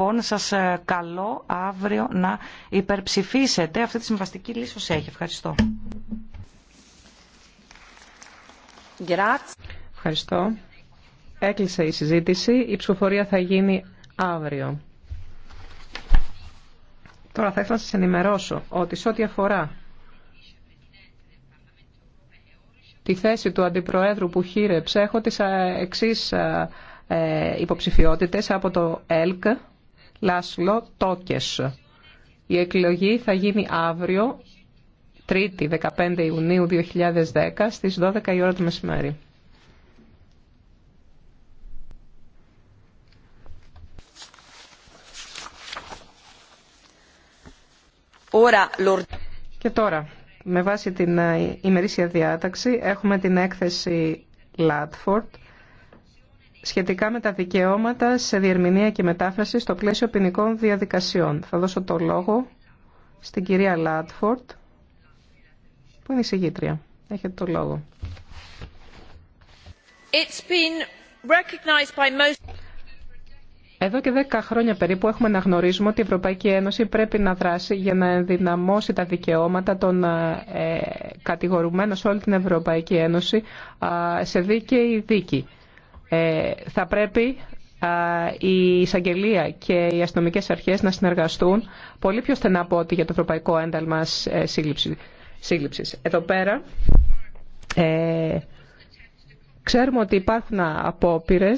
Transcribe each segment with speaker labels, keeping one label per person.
Speaker 1: Λοιπόν, σας ε, καλώ αύριο να υπερψηφίσετε αυτή τη συμβαστική λύση
Speaker 2: έχει. Ευχαριστώ. Ευχαριστώ. Έκλεισε η συζήτηση. Η ψηφοφορία θα γίνει αύριο. Τώρα θα ήθελα να σας ενημερώσω ότι σε ό,τι αφορά τη θέση του Αντιπροέδρου που χείρεψε, έχω τις ε, εξής ε, υποψηφιότητες από το ΕΛΚ, Λάσλο Τόκες. Η εκλογή θα γίνει αύριο, 3η 15 Ιουνίου 2010, στις 12 η ώρα του μεσημέρι. Και τώρα, με βάση την ε, ημερήσια διάταξη, έχουμε την έκθεση Λάτφορτ σχετικά με τα δικαιώματα σε διερμηνία και μετάφραση στο πλαίσιο ποινικών διαδικασιών. Θα δώσω το λόγο στην κυρία Λάτφορτ, που είναι η συγγήτρια. Έχετε το λόγο.
Speaker 3: It's been recognized by most...
Speaker 2: Εδώ και δέκα χρόνια περίπου έχουμε να γνωρίζουμε ότι η Ευρωπαϊκή Ένωση πρέπει να δράσει για να ενδυναμώσει τα δικαιώματα των ε, κατηγορουμένων σε όλη την Ευρωπαϊκή Ένωση σε δίκαιη δίκη. Ε, θα πρέπει η εισαγγελία και οι αστυνομικέ αρχές να συνεργαστούν πολύ πιο στενά από ό,τι για το Ευρωπαϊκό Ένταλμα ε, Σύλληψης. Εδώ πέρα ε, ξέρουμε ότι υπάρχουν απόπειρε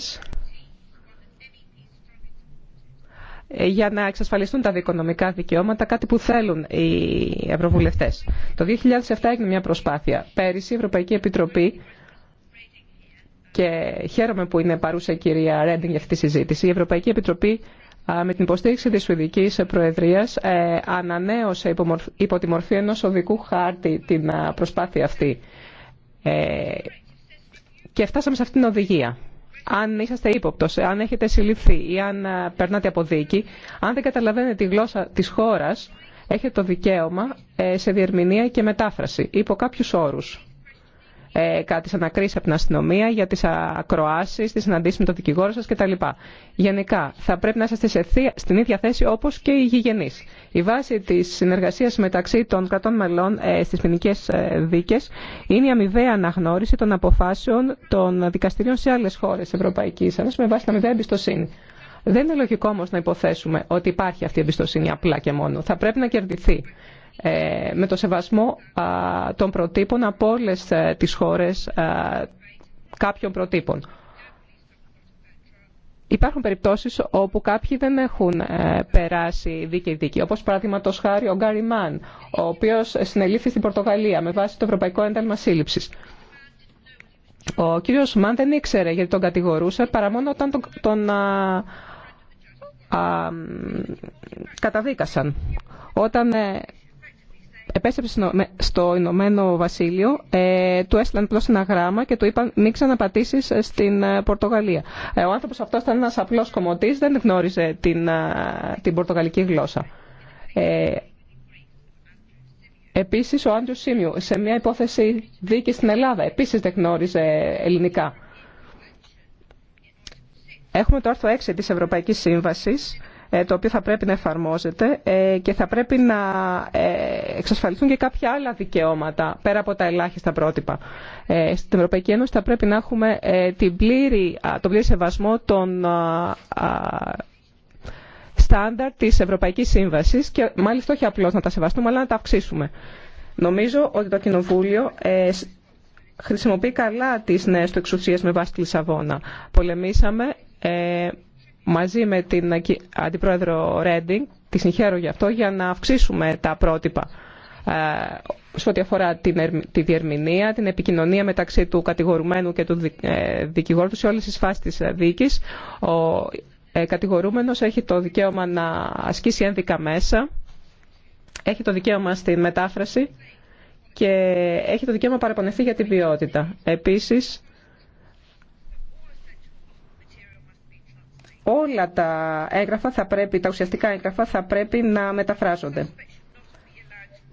Speaker 2: για να εξασφαλιστούν τα δικονομικά δικαιώματα, κάτι που θέλουν οι ευρωβουλευτές. Το 2007 έγινε μια προσπάθεια. Πέρυσι η Ευρωπαϊκή Επιτροπή και χαίρομαι που είναι παρούσα η κυρία Ρέντινγκ για αυτή τη συζήτηση. Η Ευρωπαϊκή Επιτροπή με την υποστήριξη της Σουηδικής Προεδρίας ε, ανανέωσε υπό τη μορφή ενός οδικού χάρτη την προσπάθεια αυτή. Ε, και φτάσαμε σε αυτήν την οδηγία. Αν είσαστε ύποπτος, αν έχετε συλληφθεί ή αν περνάτε από δίκη, αν δεν καταλαβαίνετε τη γλώσσα της χώρας, έχετε το δικαίωμα ε, σε διερμηνία και μετάφραση υπό κάποιους όρους ε, κατά τις από την αστυνομία, για τις ακροάσεις, τις συναντήσεις με τον δικηγόρο σας κτλ. Γενικά, θα πρέπει να είστε στην ίδια θέση όπως και οι γηγενείς. Η βάση της συνεργασίας μεταξύ των κρατών μελών ε, στις ποινικέ ε, δίκες είναι η αμοιβαία αναγνώριση των αποφάσεων των δικαστηρίων σε άλλες χώρες Ευρωπαϊκής Ένωσης με βάση την αμοιβαία εμπιστοσύνη. Δεν είναι λογικό όμω να υποθέσουμε ότι υπάρχει αυτή η εμπιστοσύνη απλά και μόνο. Θα πρέπει να κερδιθεί ε, με το σεβασμό των προτύπων από όλε ε, τις χώρες κάποιων προτύπων. Υπάρχουν περιπτώσεις όπου κάποιοι δεν έχουν ε, περάσει δίκη. όπως παραδείγματο χάρη ο Γκάρι Μαν, ο οποίος συνελήφθη στην Πορτογαλία με βάση το Ευρωπαϊκό Ένταλμα Σύλληψης. Ο κύριος Μαν δεν ήξερε γιατί τον κατηγορούσε παρά μόνο όταν τον, τον καταδίκασαν. Όταν επέστρεψε στο Ηνωμένο Βασίλειο, ε, του έστειλαν απλώ ένα γράμμα και του είπαν μην ξαναπατήσει ε, στην ε, Πορτογαλία. Ε, ο άνθρωπο αυτό ήταν ένα απλό κομμωτή, δεν γνώριζε την, ε, την πορτογαλική γλώσσα. Ε, Επίσης ο Άντριου Σίμιου σε μια υπόθεση δίκη στην Ελλάδα επίσης δεν γνώριζε ελληνικά. Έχουμε το άρθρο 6 της Ευρωπαϊκής Σύμβασης ε, το οποίο θα πρέπει να εφαρμόζεται ε, και θα πρέπει να ε, εξασφαλιστούν και κάποια άλλα δικαιώματα πέρα από τα ελάχιστα πρότυπα. Στην Ευρωπαϊκή Ένωση θα πρέπει να έχουμε την πλήρη, τον πλήρη σεβασμό των στάνταρ της Ευρωπαϊκής Σύμβασης και μάλιστα όχι απλώς να τα σεβαστούμε αλλά να τα αυξήσουμε. Νομίζω ότι το Κοινοβούλιο χρησιμοποιεί καλά τις νέες του εξουσίες με βάση τη Λισαβόνα. Πολεμήσαμε μαζί με την Αντιπρόεδρο Ρέντινγκ, τη συγχαίρω γι' αυτό, για να αυξήσουμε τα πρότυπα ε, σε ό,τι αφορά τη διερμηνία, την επικοινωνία μεταξύ του κατηγορουμένου και του ε, δικηγόρου του σε όλες τις φάσεις της ε, δίκης. Ο κατηγορούμενος έχει το δικαίωμα να ασκήσει ένδικα μέσα, έχει το δικαίωμα στη μετάφραση και έχει το δικαίωμα να για την ποιότητα. Επίσης, όλα τα έγγραφα θα πρέπει, τα ουσιαστικά έγγραφα θα πρέπει να μεταφράζονται.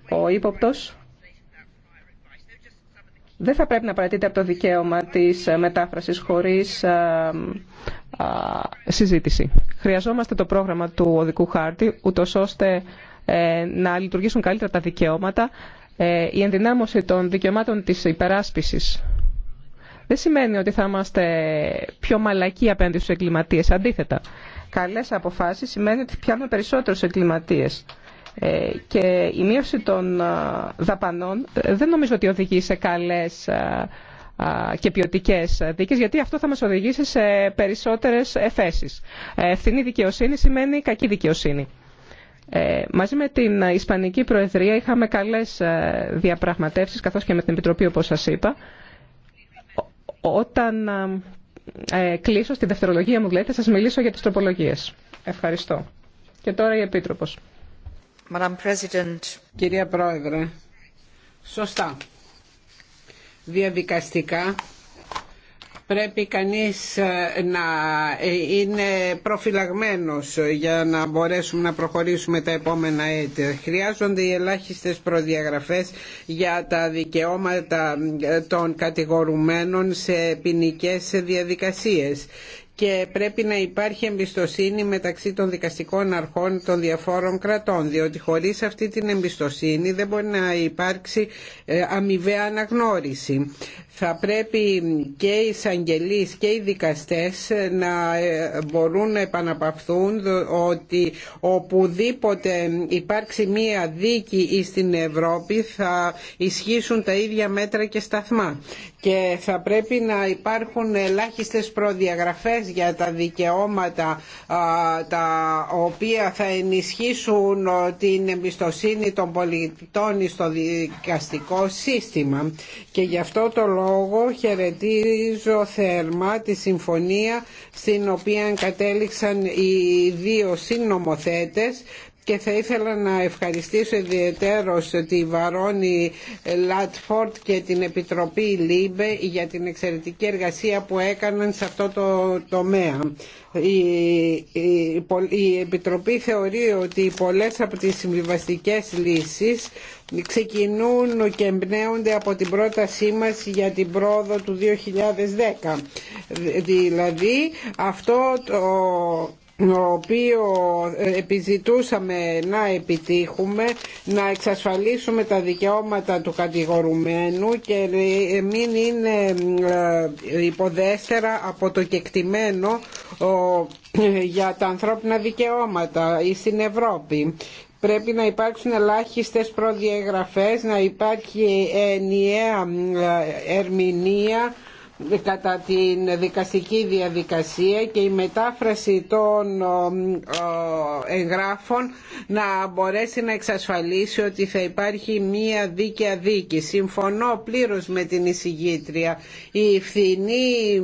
Speaker 2: Ο ύποπτο δεν θα πρέπει να παρατείται από το δικαίωμα της μετάφρασης χωρίς ε, ε, συζήτηση. Χρειαζόμαστε το πρόγραμμα του οδικού χάρτη, ούτως ώστε ε, να λειτουργήσουν καλύτερα τα δικαιώματα, ε, η ενδυνάμωση των δικαιωμάτων της υπεράσπισης δεν σημαίνει ότι θα είμαστε πιο μαλακοί απέναντι στους εγκληματίες. Αντίθετα, καλές αποφάσεις σημαίνει ότι πιάνουμε περισσότερους εγκληματίες. Ε, και η μείωση των ε, δαπανών ε, δεν νομίζω ότι οδηγεί σε καλές και ποιοτικέ δίκες γιατί αυτό θα μας οδηγήσει σε περισσότερε Ε, Ευθυνή δικαιοσύνη σημαίνει κακή δικαιοσύνη. Ε, μαζί με την Ισπανική Προεδρία είχαμε καλές διαπραγματεύσεις καθώς και με την Επιτροπή όπως σας είπα όταν ε, ε, κλείσω στη δευτερολογία μου, λέτε, θα σας μιλήσω για τις τροπολογίες. Ευχαριστώ.
Speaker 4: Και τώρα η Επίτροπος. Κυρία Πρόεδρε, σωστά. Διαδικαστικά πρέπει κανείς ε, να ε, είναι προφυλαγμένος για να μπορέσουμε να προχωρήσουμε τα επόμενα έτη. Χρειάζονται οι ελάχιστες προδιαγραφές για τα δικαιώματα ε, των κατηγορουμένων σε ποινικέ διαδικασίες και πρέπει να υπάρχει εμπιστοσύνη μεταξύ των δικαστικών αρχών των διαφόρων κρατών διότι χωρίς αυτή την εμπιστοσύνη δεν μπορεί να υπάρξει ε, αμοιβαία αναγνώριση. Θα πρέπει και οι εισαγγελείς και οι δικαστές ε, να ε, μπορούν να επαναπαυθούν ότι οπουδήποτε υπάρξει μία δίκη στην Ευρώπη θα ισχύσουν τα ίδια μέτρα και σταθμά και θα πρέπει να υπάρχουν ελάχιστες προδιαγραφές για τα δικαιώματα τα οποία θα ενισχύσουν την εμπιστοσύνη των πολιτών στο δικαστικό σύστημα και γι' αυτό το λόγο χαιρετίζω θερμά τη συμφωνία στην οποία κατέληξαν οι δύο συνομοθέτες και θα ήθελα να ευχαριστήσω ιδιαίτερως τη Βαρόνη Λατφόρτ και την Επιτροπή ΛΥΜΠΕ για την εξαιρετική εργασία που έκαναν σε αυτό το τομέα. Η, Επιτροπή θεωρεί ότι πολλές από τις συμβιβαστικές λύσεις ξεκινούν και εμπνέονται από την πρότασή μας για την πρόοδο του 2010. Δηλαδή αυτό το οποίο ε, επιζητούσαμε να επιτύχουμε να εξασφαλίσουμε τα δικαιώματα του κατηγορουμένου και ε, ε, μην είναι υποδέστερα από το κεκτημένο για τα ανθρώπινα δικαιώματα στην Ευρώπη πρέπει να υπάρξουν ελάχιστες προδιαγραφές, να υπάρχει ενιαία ερμηνεία κατά την δικαστική διαδικασία και η μετάφραση των εγγράφων να μπορέσει να εξασφαλίσει ότι θα υπάρχει μία δίκαια δίκη. Συμφωνώ πλήρως με την εισηγήτρια. Η φθηνή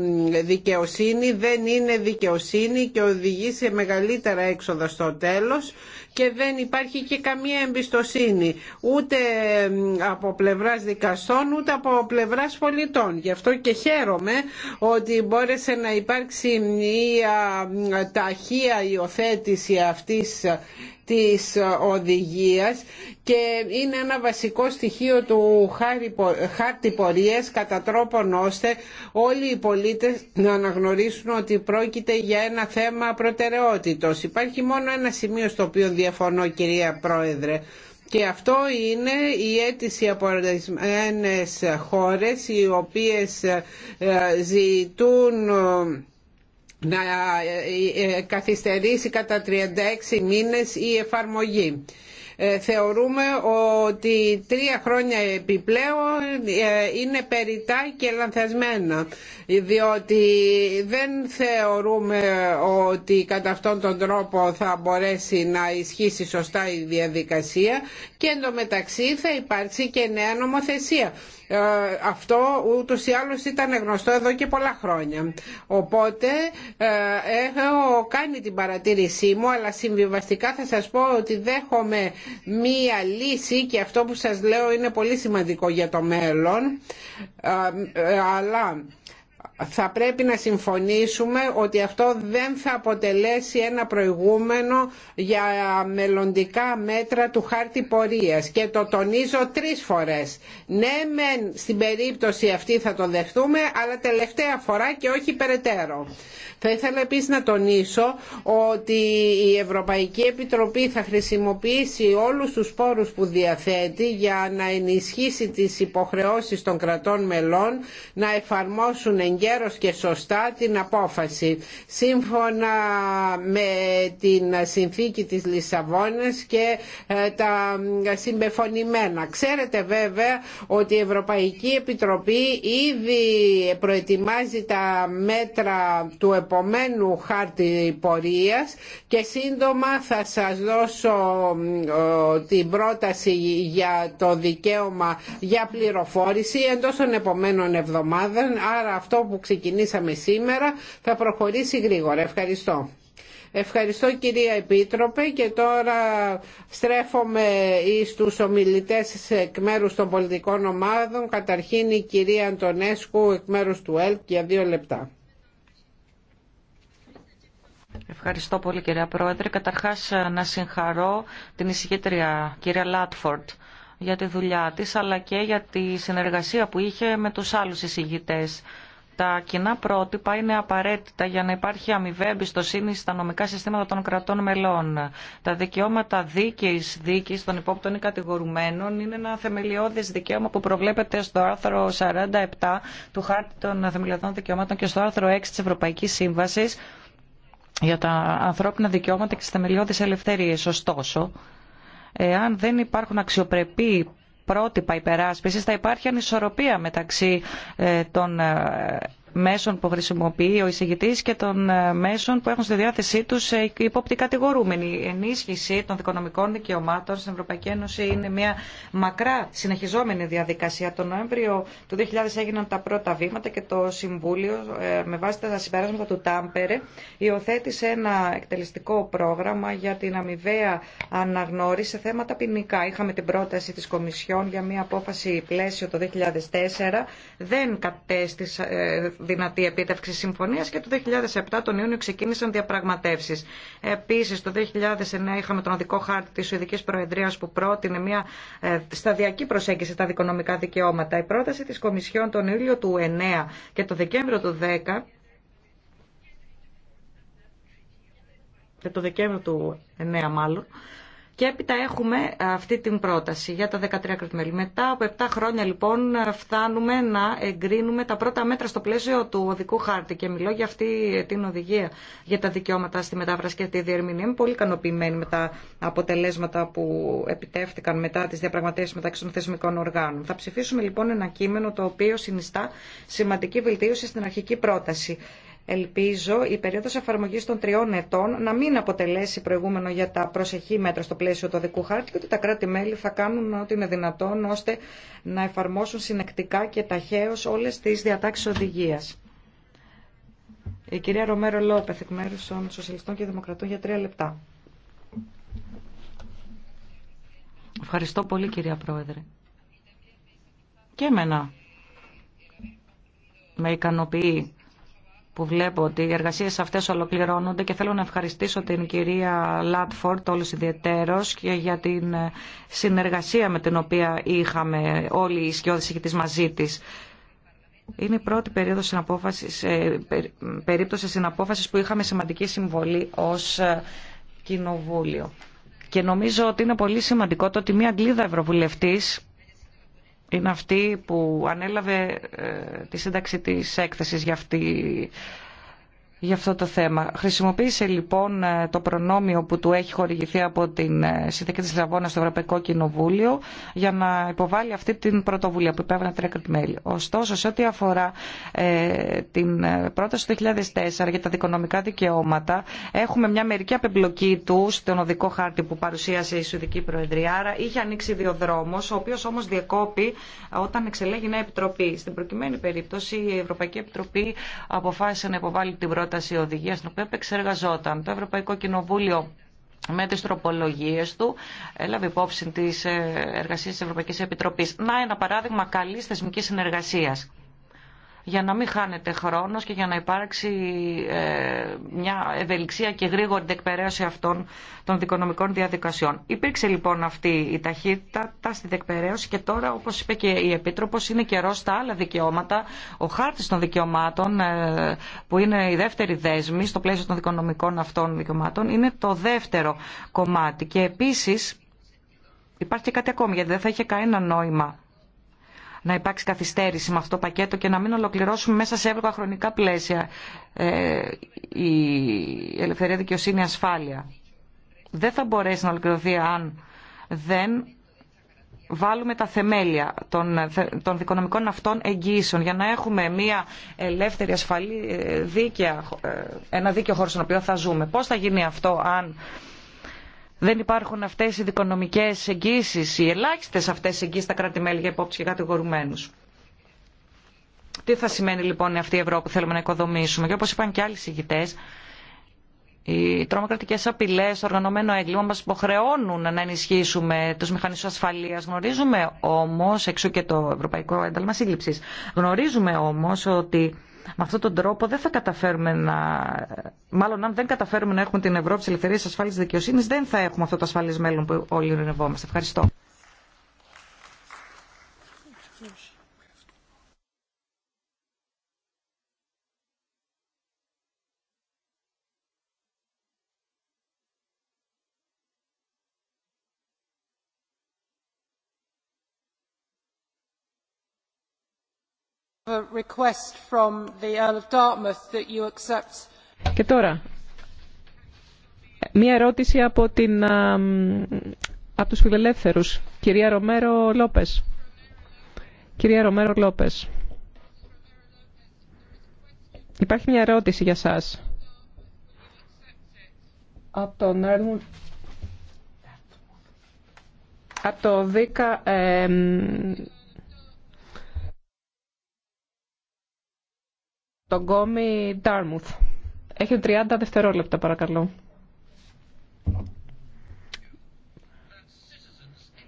Speaker 4: δικαιοσύνη δεν είναι δικαιοσύνη και οδηγεί σε μεγαλύτερα έξοδα στο τέλος και δεν υπάρχει και καμία εμπιστοσύνη ούτε από πλευράς δικαστών ούτε από πλευράς πολιτών. Γι' αυτό και χαίρομαι ότι μπόρεσε να υπάρξει μια ταχεία υιοθέτηση αυτής της οδηγίας και είναι ένα βασικό στοιχείο του χάρτη πορείας κατά τρόπον ώστε όλοι οι πολίτες να αναγνωρίσουν ότι πρόκειται για ένα θέμα προτεραιότητος. Υπάρχει μόνο ένα σημείο στο οποίο διαφωνώ κυρία Πρόεδρε. Και αυτό είναι η αίτηση από ορισμένε χώρες οι οποίες ε, ζητούν να ε, ε, ε, καθυστερήσει κατά 36 μήνες η εφαρμογή. Θεωρούμε ότι τρία χρόνια επιπλέον είναι περιτά και λανθασμένα διότι δεν θεωρούμε ότι κατά αυτόν τον τρόπο θα μπορέσει να ισχύσει σωστά η διαδικασία και εντωμεταξύ θα υπάρξει και νέα νομοθεσία. Ε, αυτό ούτως ή άλλως ήταν γνωστό εδώ και πολλά χρόνια. Οπότε ε, έχω κάνει την παρατήρησή μου αλλά συμβιβαστικά θα σας πω ότι δέχομαι μία λύση και αυτό που σας λέω είναι πολύ σημαντικό για το μέλλον ε, αλλά θα πρέπει να συμφωνήσουμε ότι αυτό δεν θα αποτελέσει ένα προηγούμενο για μελλοντικά μέτρα του χάρτη πορείας και το τονίζω τρεις φορές. Ναι μεν στην περίπτωση αυτή θα το δεχτούμε αλλά τελευταία φορά και όχι περαιτέρω. Θα ήθελα επίσης να τονίσω ότι η Ευρωπαϊκή Επιτροπή θα χρησιμοποιήσει όλους τους πόρους που διαθέτει για να ενισχύσει τις υποχρεώσεις των κρατών μελών να εφαρμόσουν εγκαίρως και σωστά την απόφαση σύμφωνα με την συνθήκη της Λισαβόνας και ε, τα συμπεφωνημένα. Ξέρετε βέβαια ότι η Ευρωπαϊκή Επιτροπή ήδη προετοιμάζει τα μέτρα του επομένου χάρτη πορείας και σύντομα θα σας δώσω την πρόταση για το δικαίωμα για πληροφόρηση εντός των επομένων εβδομάδων άρα αυτό που ξεκινήσαμε σήμερα θα προχωρήσει γρήγορα. Ευχαριστώ. Ευχαριστώ κυρία Επίτροπε και τώρα στρέφομαι εις τους ομιλητές εκ μέρους των πολιτικών ομάδων. Καταρχήν η κυρία Αντωνέσκου εκ μέρους του ΕΛΚ για δύο λεπτά.
Speaker 1: Ευχαριστώ πολύ κυρία Πρόεδρε. Καταρχάς να συγχαρώ την εισηγήτρια κυρία Λάτφορντ για τη δουλειά της αλλά και για τη συνεργασία που είχε με τους άλλους εισηγητές. Τα κοινά πρότυπα είναι απαραίτητα για να υπάρχει αμοιβή εμπιστοσύνη στα νομικά συστήματα των κρατών μελών. Τα δικαιώματα δίκαιη δίκη των υπόπτων ή κατηγορουμένων είναι ένα θεμελιώδε δικαίωμα που προβλέπεται στο άρθρο 47 του Χάρτη των Θεμελιωδών Δικαιωμάτων και στο άρθρο 6 τη Ευρωπαϊκή Σύμβαση για τα ανθρώπινα δικαιώματα και τι θεμελιώδει ελευθερίες. Ωστόσο, εάν δεν υπάρχουν αξιοπρεπή πρότυπα υπεράσπισης θα υπάρχει ανισορροπία μεταξύ ε, των ε, μέσων που χρησιμοποιεί ο εισηγητή και των ε, μέσων που έχουν στη διάθεσή του οι ε, υπόπτη κατηγορούμενοι. Η ενίσχυση των δικονομικών δικαιωμάτων στην Ευρωπαϊκή Ένωση είναι μια μακρά συνεχιζόμενη διαδικασία. Το Νοέμβριο του 2000 έγιναν τα πρώτα βήματα και το Συμβούλιο, ε, με βάση τα συμπεράσματα του Τάμπερε, υιοθέτησε ένα εκτελεστικό πρόγραμμα για την αμοιβαία αναγνώριση σε θέματα ποινικά. Είχαμε την πρόταση τη Κομισιόν για μια απόφαση πλαίσιο το 2004. Δεν κατέστησε δυνατή επίτευξη συμφωνία και το 2007 τον Ιούνιο ξεκίνησαν διαπραγματεύσεις. Επίσης το 2009 είχαμε τον οδικό χάρτη της Σουηδική Προεδρίας που πρότεινε μια ε, σταδιακή προσέγγιση στα δικονομικά δικαιώματα. Η πρόταση της Κομισιόν τον Ιούλιο του 2009 και τον Δεκέμβριο του 2010 και το Δεκέμβριο του 9 μάλλον, και έπειτα έχουμε αυτή την πρόταση για τα 13 κρατημέλη. Μετά από 7 χρόνια λοιπόν φτάνουμε να εγκρίνουμε τα πρώτα μέτρα στο πλαίσιο του οδικού χάρτη και μιλώ για αυτή την οδηγία για τα δικαιώματα στη μετάφραση και τη διερμηνία. Είμαι πολύ ικανοποιημένη με τα αποτελέσματα που επιτεύχθηκαν μετά τι διαπραγματεύσει μεταξύ των θεσμικών οργάνων. Θα ψηφίσουμε λοιπόν ένα κείμενο το οποίο συνιστά σημαντική βελτίωση στην αρχική πρόταση. Ελπίζω η περίοδος εφαρμογής των τριών ετών να μην αποτελέσει προηγούμενο για τα προσεχή μέτρα στο πλαίσιο του οδικού χάρτη και ότι τα κράτη-μέλη θα κάνουν ό,τι είναι δυνατόν ώστε να εφαρμόσουν συνεκτικά και ταχαίως όλες τις διατάξεις οδηγίας. Η κυρία Ρομέρο Λόπεθ, εκ μέρους των Σοσιαλιστών και Δημοκρατών, για τρία λεπτά. Ευχαριστώ πολύ κυρία Πρόεδρε. Και εμένα με ικανοποιεί που βλέπω ότι οι εργασίες αυτές ολοκληρώνονται και θέλω να ευχαριστήσω την κυρία Λάτφορτ όλους ιδιαιτέρως και για την συνεργασία με την οποία είχαμε όλοι οι σκιώδες τις μαζί της. Είναι η πρώτη περίοδος συναπόφασης, ε, περίπτωση συναπόφασης που είχαμε σημαντική συμβολή ως ε, κοινοβούλιο. Και νομίζω ότι είναι πολύ σημαντικό το ότι μια Αγγλίδα Ευρωβουλευτής είναι αυτή που ανέλαβε ε, τη σύνταξη της έκθεσης για αυτή για αυτό το θέμα. Χρησιμοποίησε λοιπόν ε, το προνόμιο που του έχει χορηγηθεί από την ε, Συνθήκη της Λαβώνας στο Ευρωπαϊκό Κοινοβούλιο για να υποβάλει αυτή την πρωτοβουλία που υπέβαινε τρία μέλη. Ωστόσο, σε ό,τι αφορά ε, την πρόταση του 2004 για τα δικονομικά δικαιώματα, έχουμε μια μερική απεμπλοκή του στον οδικό χάρτη που παρουσίασε η Σουηδική Προεδρία. Άρα είχε ανοίξει δύο δρόμος, ο οποίος όμως διεκόπη όταν εξελέγει νέα επιτροπή. Στην προκειμένη περίπτωση η Ευρωπαϊκή Επιτροπή αποφάσισε να υποβάλει την πρώτη πρόταση οδηγίας την οποία το Ευρωπαϊκό Κοινοβούλιο με τις τροπολογίες του έλαβε υπόψη τις ε, εργασίες της Ευρωπαϊκής Επιτροπής. Να ένα παράδειγμα καλής θεσμικής συνεργασίας για να μην χάνεται χρόνος και για να υπάρξει ε, μια ευελιξία και γρήγορη δεκπεραίωση αυτών των δικονομικών διαδικασιών. Υπήρξε λοιπόν αυτή η ταχύτητα στη δεκπεραίωση και τώρα όπως είπε και η Επίτροπος είναι καιρό στα άλλα δικαιώματα, ο χάρτης των δικαιωμάτων ε, που είναι η δεύτερη δέσμη στο πλαίσιο των δικονομικών αυτών δικαιωμάτων είναι το δεύτερο κομμάτι και επίσης υπάρχει και κάτι ακόμη γιατί δεν θα είχε κανένα νόημα να υπάρξει καθυστέρηση με αυτό το πακέτο και να μην ολοκληρώσουμε μέσα σε εύλογα χρονικά πλαίσια ε, η ελευθερία δικαιοσύνη ασφάλεια. Δεν θα μπορέσει να ολοκληρωθεί αν δεν βάλουμε τα θεμέλια των, των δικονομικών αυτών εγγύσεων για να έχουμε μια ελεύθερη ασφαλή ε, δίκαια, ε, ένα δίκαιο χώρο στον οποίο θα ζούμε. Πώς θα γίνει αυτό αν δεν υπάρχουν αυτέ οι δικονομικέ εγγύσει, οι ελάχιστε αυτές εγγύσει στα κράτη-μέλη για υπόψη και κατηγορουμένους. Τι θα σημαίνει λοιπόν αυτή η Ευρώπη που θέλουμε να οικοδομήσουμε και όπω είπαν και άλλοι συγητές, οι τρομοκρατικέ απειλέ, το οργανωμένο έγκλημα μα υποχρεώνουν να ενισχύσουμε του μηχανισμού ασφαλεία. Γνωρίζουμε όμω, εξού και το Ευρωπαϊκό Ένταλμα Σύλληψη, γνωρίζουμε όμω ότι με αυτόν τον τρόπο δεν θα καταφέρουμε να. Μάλλον, αν δεν καταφέρουμε να έχουμε την Ευρώπη τη ελευθερία, ασφάλεια δικαιοσύνη, δεν θα έχουμε αυτό το ασφαλέ μέλλον που όλοι ονειρευόμαστε. Ευχαριστώ.
Speaker 2: Και τώρα, μία ερώτηση από, την, από τους φιλελεύθερους. Κυρία Ρομέρο Λόπες. Κυρία Ρομέρο Λόπες. Υπάρχει μια ερωτηση απο την τους φιλελευθερους κυρια ρομερο λοπες κυρια ρομερο λοπες υπαρχει μια ερωτηση για σας. Από Από το ΔΙΚΑ... τον γκόμι Ντάρμουθ. Έχει 30 δευτερόλεπτα παρακαλώ.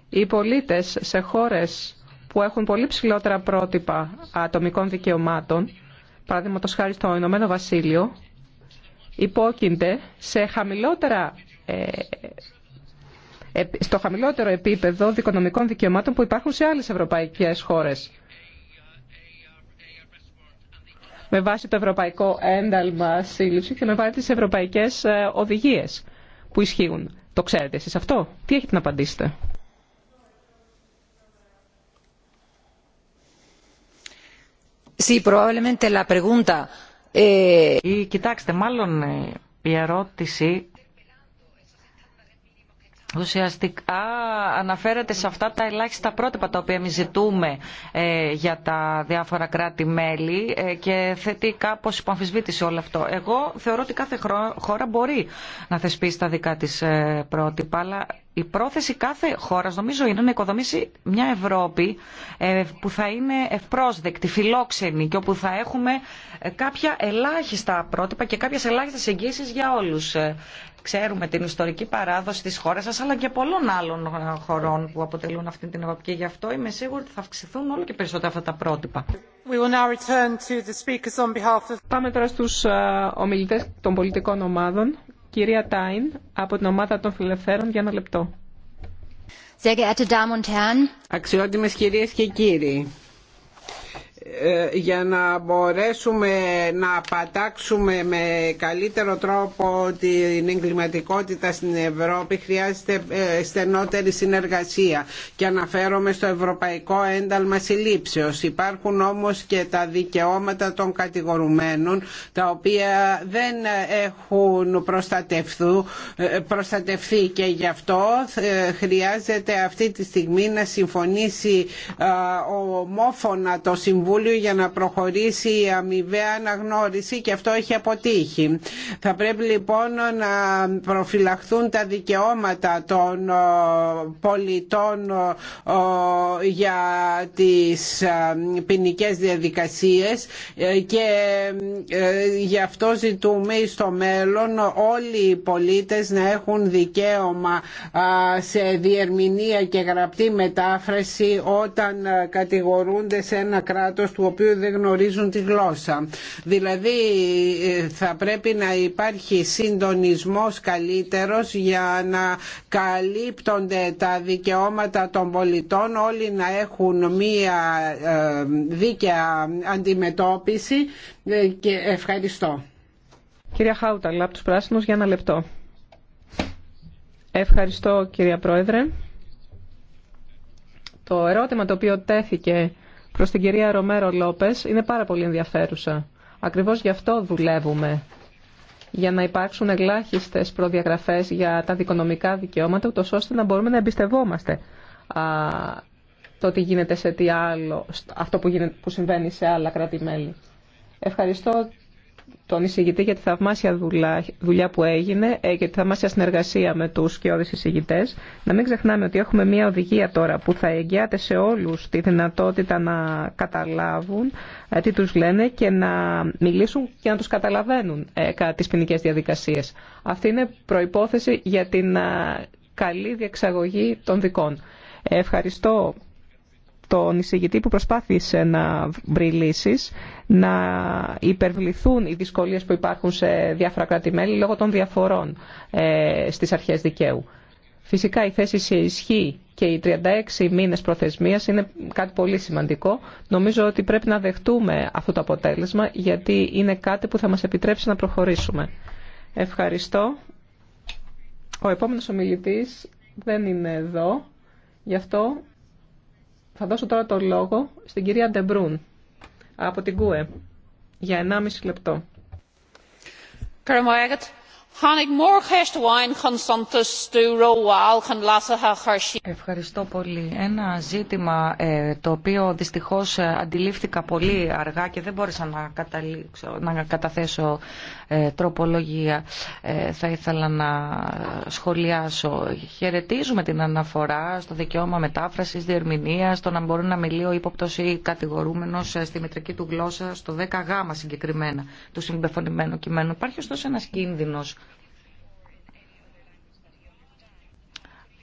Speaker 2: Οι πολίτες σε χώρες που έχουν πολύ ψηλότερα πρότυπα ατομικών δικαιωμάτων, παραδείγματο χάρη στο Ηνωμένο Βασίλειο, υπόκεινται σε χαμηλότερα, ε, ε, στο χαμηλότερο επίπεδο δικονομικών δικαιωμάτων που υπάρχουν σε άλλες ευρωπαϊκές χώρες. με βάση το ευρωπαϊκό ένταλμα σύλληψη και με βάση τις ευρωπαϊκές ε, οδηγίες που ισχύουν. Το ξέρετε εσείς αυτό. Τι έχετε να απαντήσετε. Eh,
Speaker 1: Ή, κοιτάξτε, μάλλον ε, ερώτηση ουσιαστικά αναφέρεται σε αυτά τα ελάχιστα πρότυπα τα οποία εμείς ζητούμε ε, για τα διάφορα κράτη-μέλη ε, και θέτει κάπω υποαμφισβήτηση όλο αυτό. Εγώ θεωρώ ότι κάθε χώρα μπορεί να θεσπίσει τα δικά της ε, πρότυπα, αλλά η πρόθεση κάθε χώρα νομίζω είναι να οικοδομήσει μια Ευρώπη που θα είναι ευπρόσδεκτη, φιλόξενη και όπου θα έχουμε κάποια ελάχιστα πρότυπα και κάποιε ελάχιστε εγγύσεις για όλου. Ξέρουμε την ιστορική παράδοση της χώρας σας αλλά και πολλών άλλων ε, χωρών που αποτελούν αυτή την Ευρώπη γι' αυτό είμαι σίγουρη ότι θα αυξηθούν όλο και περισσότερα αυτά τα πρότυπα.
Speaker 4: Πάμε τώρα στους
Speaker 2: ε, ομιλητές των πολιτικών ομάδων. Κυρία Τάιν, από την ομάδα των Φιλελευθέρων, για ένα λεπτό.
Speaker 3: Sehr geehrte
Speaker 4: Αξιότιμες κυρίες και κύριοι ε, για να μπορέσουμε να πατάξουμε με καλύτερο τρόπο την εγκληματικότητα στην Ευρώπη χρειάζεται ε, στενότερη συνεργασία και αναφέρομαι στο Ευρωπαϊκό Ένταλμα Συλλήψεως. Υπάρχουν όμως και τα δικαιώματα των κατηγορουμένων τα οποία δεν έχουν ε, προστατευθεί και γι' αυτό χρειάζεται αυτή τη στιγμή να συμφωνήσει ομόφωνα το Συμβούλιο για να προχωρήσει η αμοιβαία αναγνώριση και αυτό έχει αποτύχει. Θα πρέπει λοιπόν να προφυλαχθούν τα δικαιώματα των ε, πολιτών ε, για τις ε, ποινικέ διαδικασίες και γι' αυτό ζητούμε στο μέλλον όλοι οι πολίτες να έχουν δικαίωμα σε διερμηνία και γραπτή μετάφραση όταν κατηγορούνται σε ένα κράτος το του οποίου δεν γνωρίζουν τη γλώσσα. Δηλαδή ε, θα πρέπει να υπάρχει συντονισμός καλύτερος για να καλύπτονται τα δικαιώματα των πολιτών, όλοι να έχουν μία ε, δίκαια αντιμετώπιση ε, και ευχαριστώ.
Speaker 2: Κυρία Χάουτα, από τους Πράσινους για ένα λεπτό. Ευχαριστώ κυρία Πρόεδρε. Το ερώτημα το οποίο τέθηκε προς την κυρία Ρομέρο Λόπες είναι πάρα πολύ ενδιαφέρουσα. Ακριβώς γι' αυτό δουλεύουμε, για να υπάρξουν ελάχιστες προδιαγραφές για τα δικονομικά δικαιώματα, ούτως ώστε να μπορούμε να εμπιστευόμαστε α, το τι γίνεται σε τι άλλο, αυτό που, γίνεται, που συμβαίνει σε άλλα κράτη-μέλη. Ευχαριστώ τον εισηγητή για τη θαυμάσια δουλειά, που έγινε ε, και τη θαυμάσια συνεργασία με τους σκιώδει εισηγητέ. Να μην ξεχνάμε ότι έχουμε μια οδηγία τώρα που θα εγγυάται σε όλου τη δυνατότητα να καταλάβουν ε, τι τους λένε και να μιλήσουν και να τους καταλαβαίνουν ε, κατά τις ποινικές διαδικασίες. Αυτή είναι προϋπόθεση για την καλή διεξαγωγή των δικών. Ευχαριστώ τον εισηγητή που προσπάθησε να βρει λύσει, να υπερβληθούν οι δυσκολίες που υπάρχουν σε διάφορα κράτη-μέλη λόγω των διαφορών ε, στις αρχές δικαίου. Φυσικά η θέση σε ισχύ και οι 36 μήνε προθεσμίας είναι κάτι πολύ σημαντικό. Νομίζω ότι πρέπει να δεχτούμε αυτό το αποτέλεσμα γιατί είναι κάτι που θα μας επιτρέψει να προχωρήσουμε. Ευχαριστώ. Ο επόμενος ομιλητής δεν είναι εδώ. Γι' αυτό θα δώσω τώρα το λόγο στην κυρία Ντεμπρούν από την ΚΟΕ για 1,5 λεπτό. Καλημέρα.
Speaker 1: Ευχαριστώ πολύ. Ένα ζήτημα ε, το οποίο δυστυχώς ε, αντιλήφθηκα πολύ αργά και δεν μπόρεσα να, να καταθέσω ε, τροπολογία θα ήθελα να σχολιάσω. Χαιρετίζουμε την αναφορά στο δικαίωμα μετάφρασης, διερμηνία, στο να μπορεί να μιλεί ο ή κατηγορούμενος στη μετρική του γλώσσα, στο 10 γ συγκεκριμένα του συμπεφωνημένου κειμένου. Υπάρχει ωστόσο ένα κίνδυνο.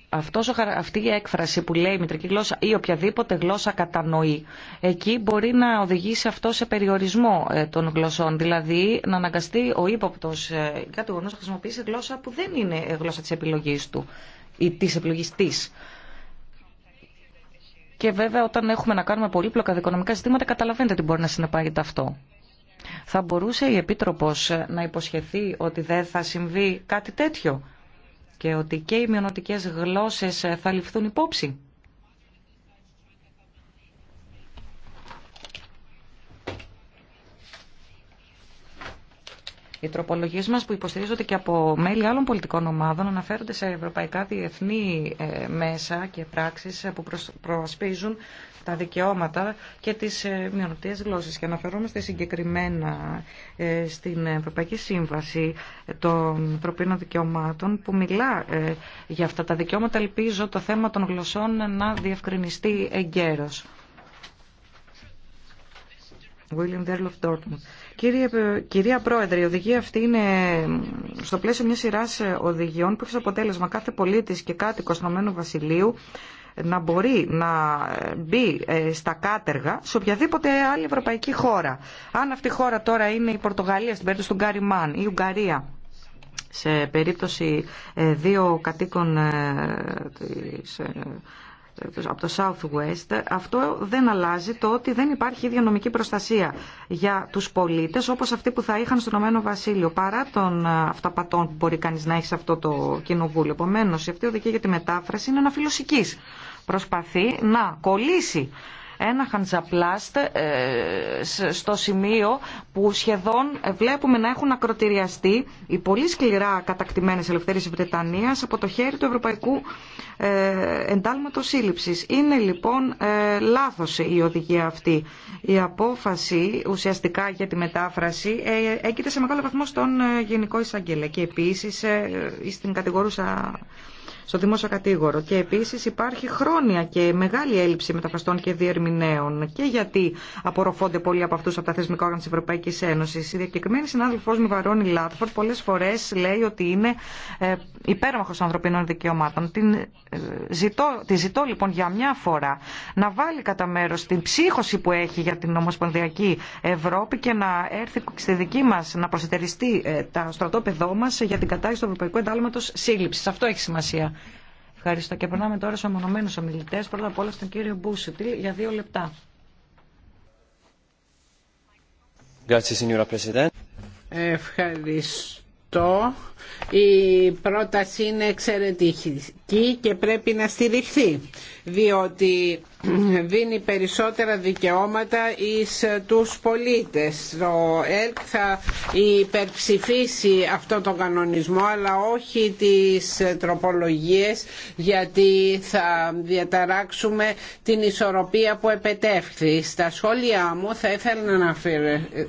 Speaker 1: αυτός, αυτή η έκφραση που λέει η μητρική γλώσσα ή οποιαδήποτε γλώσσα κατανοεί, εκεί μπορεί να οδηγήσει αυτό σε περιορισμό ε, των γλωσσών. Δηλαδή να αναγκαστεί ο ύποπτο ε, κατηγορό να χρησιμοποιήσει γλώσσα που δεν είναι ε, γλώσσα τη επιλογή του ή τη επιλογή τη. Και βέβαια όταν έχουμε να κάνουμε πολύπλοκα δικονομικά ζητήματα καταλαβαίνετε τι μπορεί να συνεπάγεται αυτό. Θα μπορούσε η Επίτροπος να υποσχεθεί ότι δεν θα συμβεί κάτι τέτοιο και ότι και οι μειονοτικές γλώσσες θα ληφθούν υπόψη Οι τροπολογίε μα που υποστηρίζονται και από μέλη άλλων πολιτικών ομάδων αναφέρονται σε ευρωπαϊκά διεθνή ε, μέσα και πράξεις ε, που προασπίζουν τα δικαιώματα και τις ε, μειονοτικές γλώσσες. Και αναφερόμαστε συγκεκριμένα ε, στην Ευρωπαϊκή Σύμβαση των Ευρωπαίων Δικαιωμάτων που μιλά για αυτά τα δικαιώματα. Ελπίζω το θέμα των γλωσσών να διευκρινιστεί εγκαίρω. William Κύριε, κυρία Πρόεδρε, η οδηγία αυτή είναι στο πλαίσιο μια σειρά οδηγιών που έχει αποτέλεσμα κάθε πολίτη και κάτοικο Ηνωμένου Βασιλείου να μπορεί να μπει ε, στα κάτεργα σε οποιαδήποτε άλλη ευρωπαϊκή χώρα. Αν αυτή η χώρα τώρα είναι η Πορτογαλία, στην περίπτωση του Γκάρι Μαν, η Ουγγαρία, σε περίπτωση ε, δύο κατοίκων ε, της από το Southwest, αυτό δεν αλλάζει το ότι δεν υπάρχει ίδια νομική προστασία για τους πολίτες όπως αυτοί που θα είχαν στον Ηνωμένο Βασίλειο παρά των αυταπατών που μπορεί κανείς να έχει σε αυτό το κοινοβούλιο. Επομένω, η αυτή οδική για τη μετάφραση είναι ένα φιλοσικής Προσπαθεί να κολλήσει ένα χαντζαπλάστ ε, στο σημείο που σχεδόν ε, βλέπουμε να έχουν ακροτηριαστεί οι πολύ σκληρά κατακτημένες ελευθερίες Βρετανίας από το χέρι του Ευρωπαϊκού ε, Εντάλματος Σύλληψης. Είναι λοιπόν λάθος η οδηγία αυτή. Η απόφαση ουσιαστικά για τη μετάφραση έγκυται σε μεγάλο βαθμό στον Γενικό Εισαγγελέα και επίσης στην κατηγορούσα στο δημόσιο κατήγορο. Και επίση υπάρχει χρόνια και μεγάλη έλλειψη μεταφραστών και διερμηνέων. Και γιατί απορροφώνται πολλοί από αυτού από τα θεσμικά όργανα της Ευρωπαϊκής Ένωσης. Η διακεκριμένη συνάδελφό μου Βαρόνι Λάτφορτ πολλές φορές λέει ότι είναι ε, υπέρμαχο ανθρωπίνων δικαιωμάτων. Την ε, ζητώ, τη ζητώ λοιπόν για μια φορά να βάλει κατά μέρο την ψύχωση που έχει για την Ομοσπονδιακή Ευρώπη και να έρθει στη δική μα να προσετεριστεί ε, τα στρατόπεδό μα για την κατάσταση του Ευρωπαϊκού Εντάλματο Σύλληψη. Αυτό έχει σημασία. Ευχαριστώ και περνάμε τώρα στου ομονωμένου ομιλητέ. Πρώτα απ' όλα στον κύριο Μπούσιτλ για δύο λεπτά.
Speaker 4: Ευχαριστώ. Η πρόταση είναι εξαιρετική και πρέπει να στηριχθεί διότι δίνει περισσότερα δικαιώματα εις ε, τους πολίτες. Το ΕΡΚ θα υπερψηφίσει αυτό τον κανονισμό αλλά όχι τις ε, τροπολογίες γιατί θα διαταράξουμε την ισορροπία που επετεύχθη. Στα σχόλιά μου θα ήθελα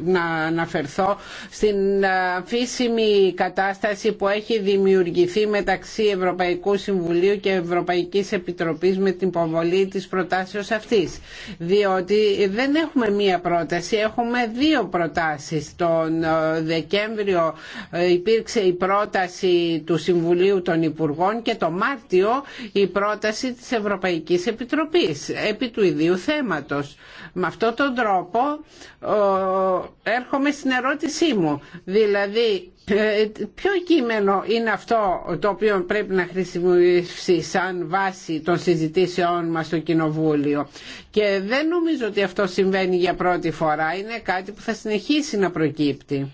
Speaker 4: να αναφερθώ στην ε, αφήσιμη κατάσταση που έχει δημιουργηθεί μεταξύ Ευρωπαϊκού Συμβουλίου Κοινοβουλίου και Ευρωπαϊκής Επιτροπής με την υποβολή της προτάσεως αυτής. Διότι δεν έχουμε μία πρόταση, έχουμε δύο προτάσεις. Τον ε, Δεκέμβριο ε, υπήρξε η πρόταση του Συμβουλίου των Υπουργών και το Μάρτιο η πρόταση της Ευρωπαϊκής Επιτροπής επί του ιδίου θέματος. Με αυτόν τον τρόπο ε, έρχομαι στην ερώτησή μου. Δηλαδή ε, ποιο κείμενο είναι αυτό το οποίο πρέπει να χρησιμοποιήσει σαν βάση των συζητήσεών μας στο Κοινοβούλιο και δεν νομίζω ότι αυτό συμβαίνει για πρώτη φορά, είναι κάτι που θα συνεχίσει να προκύπτει.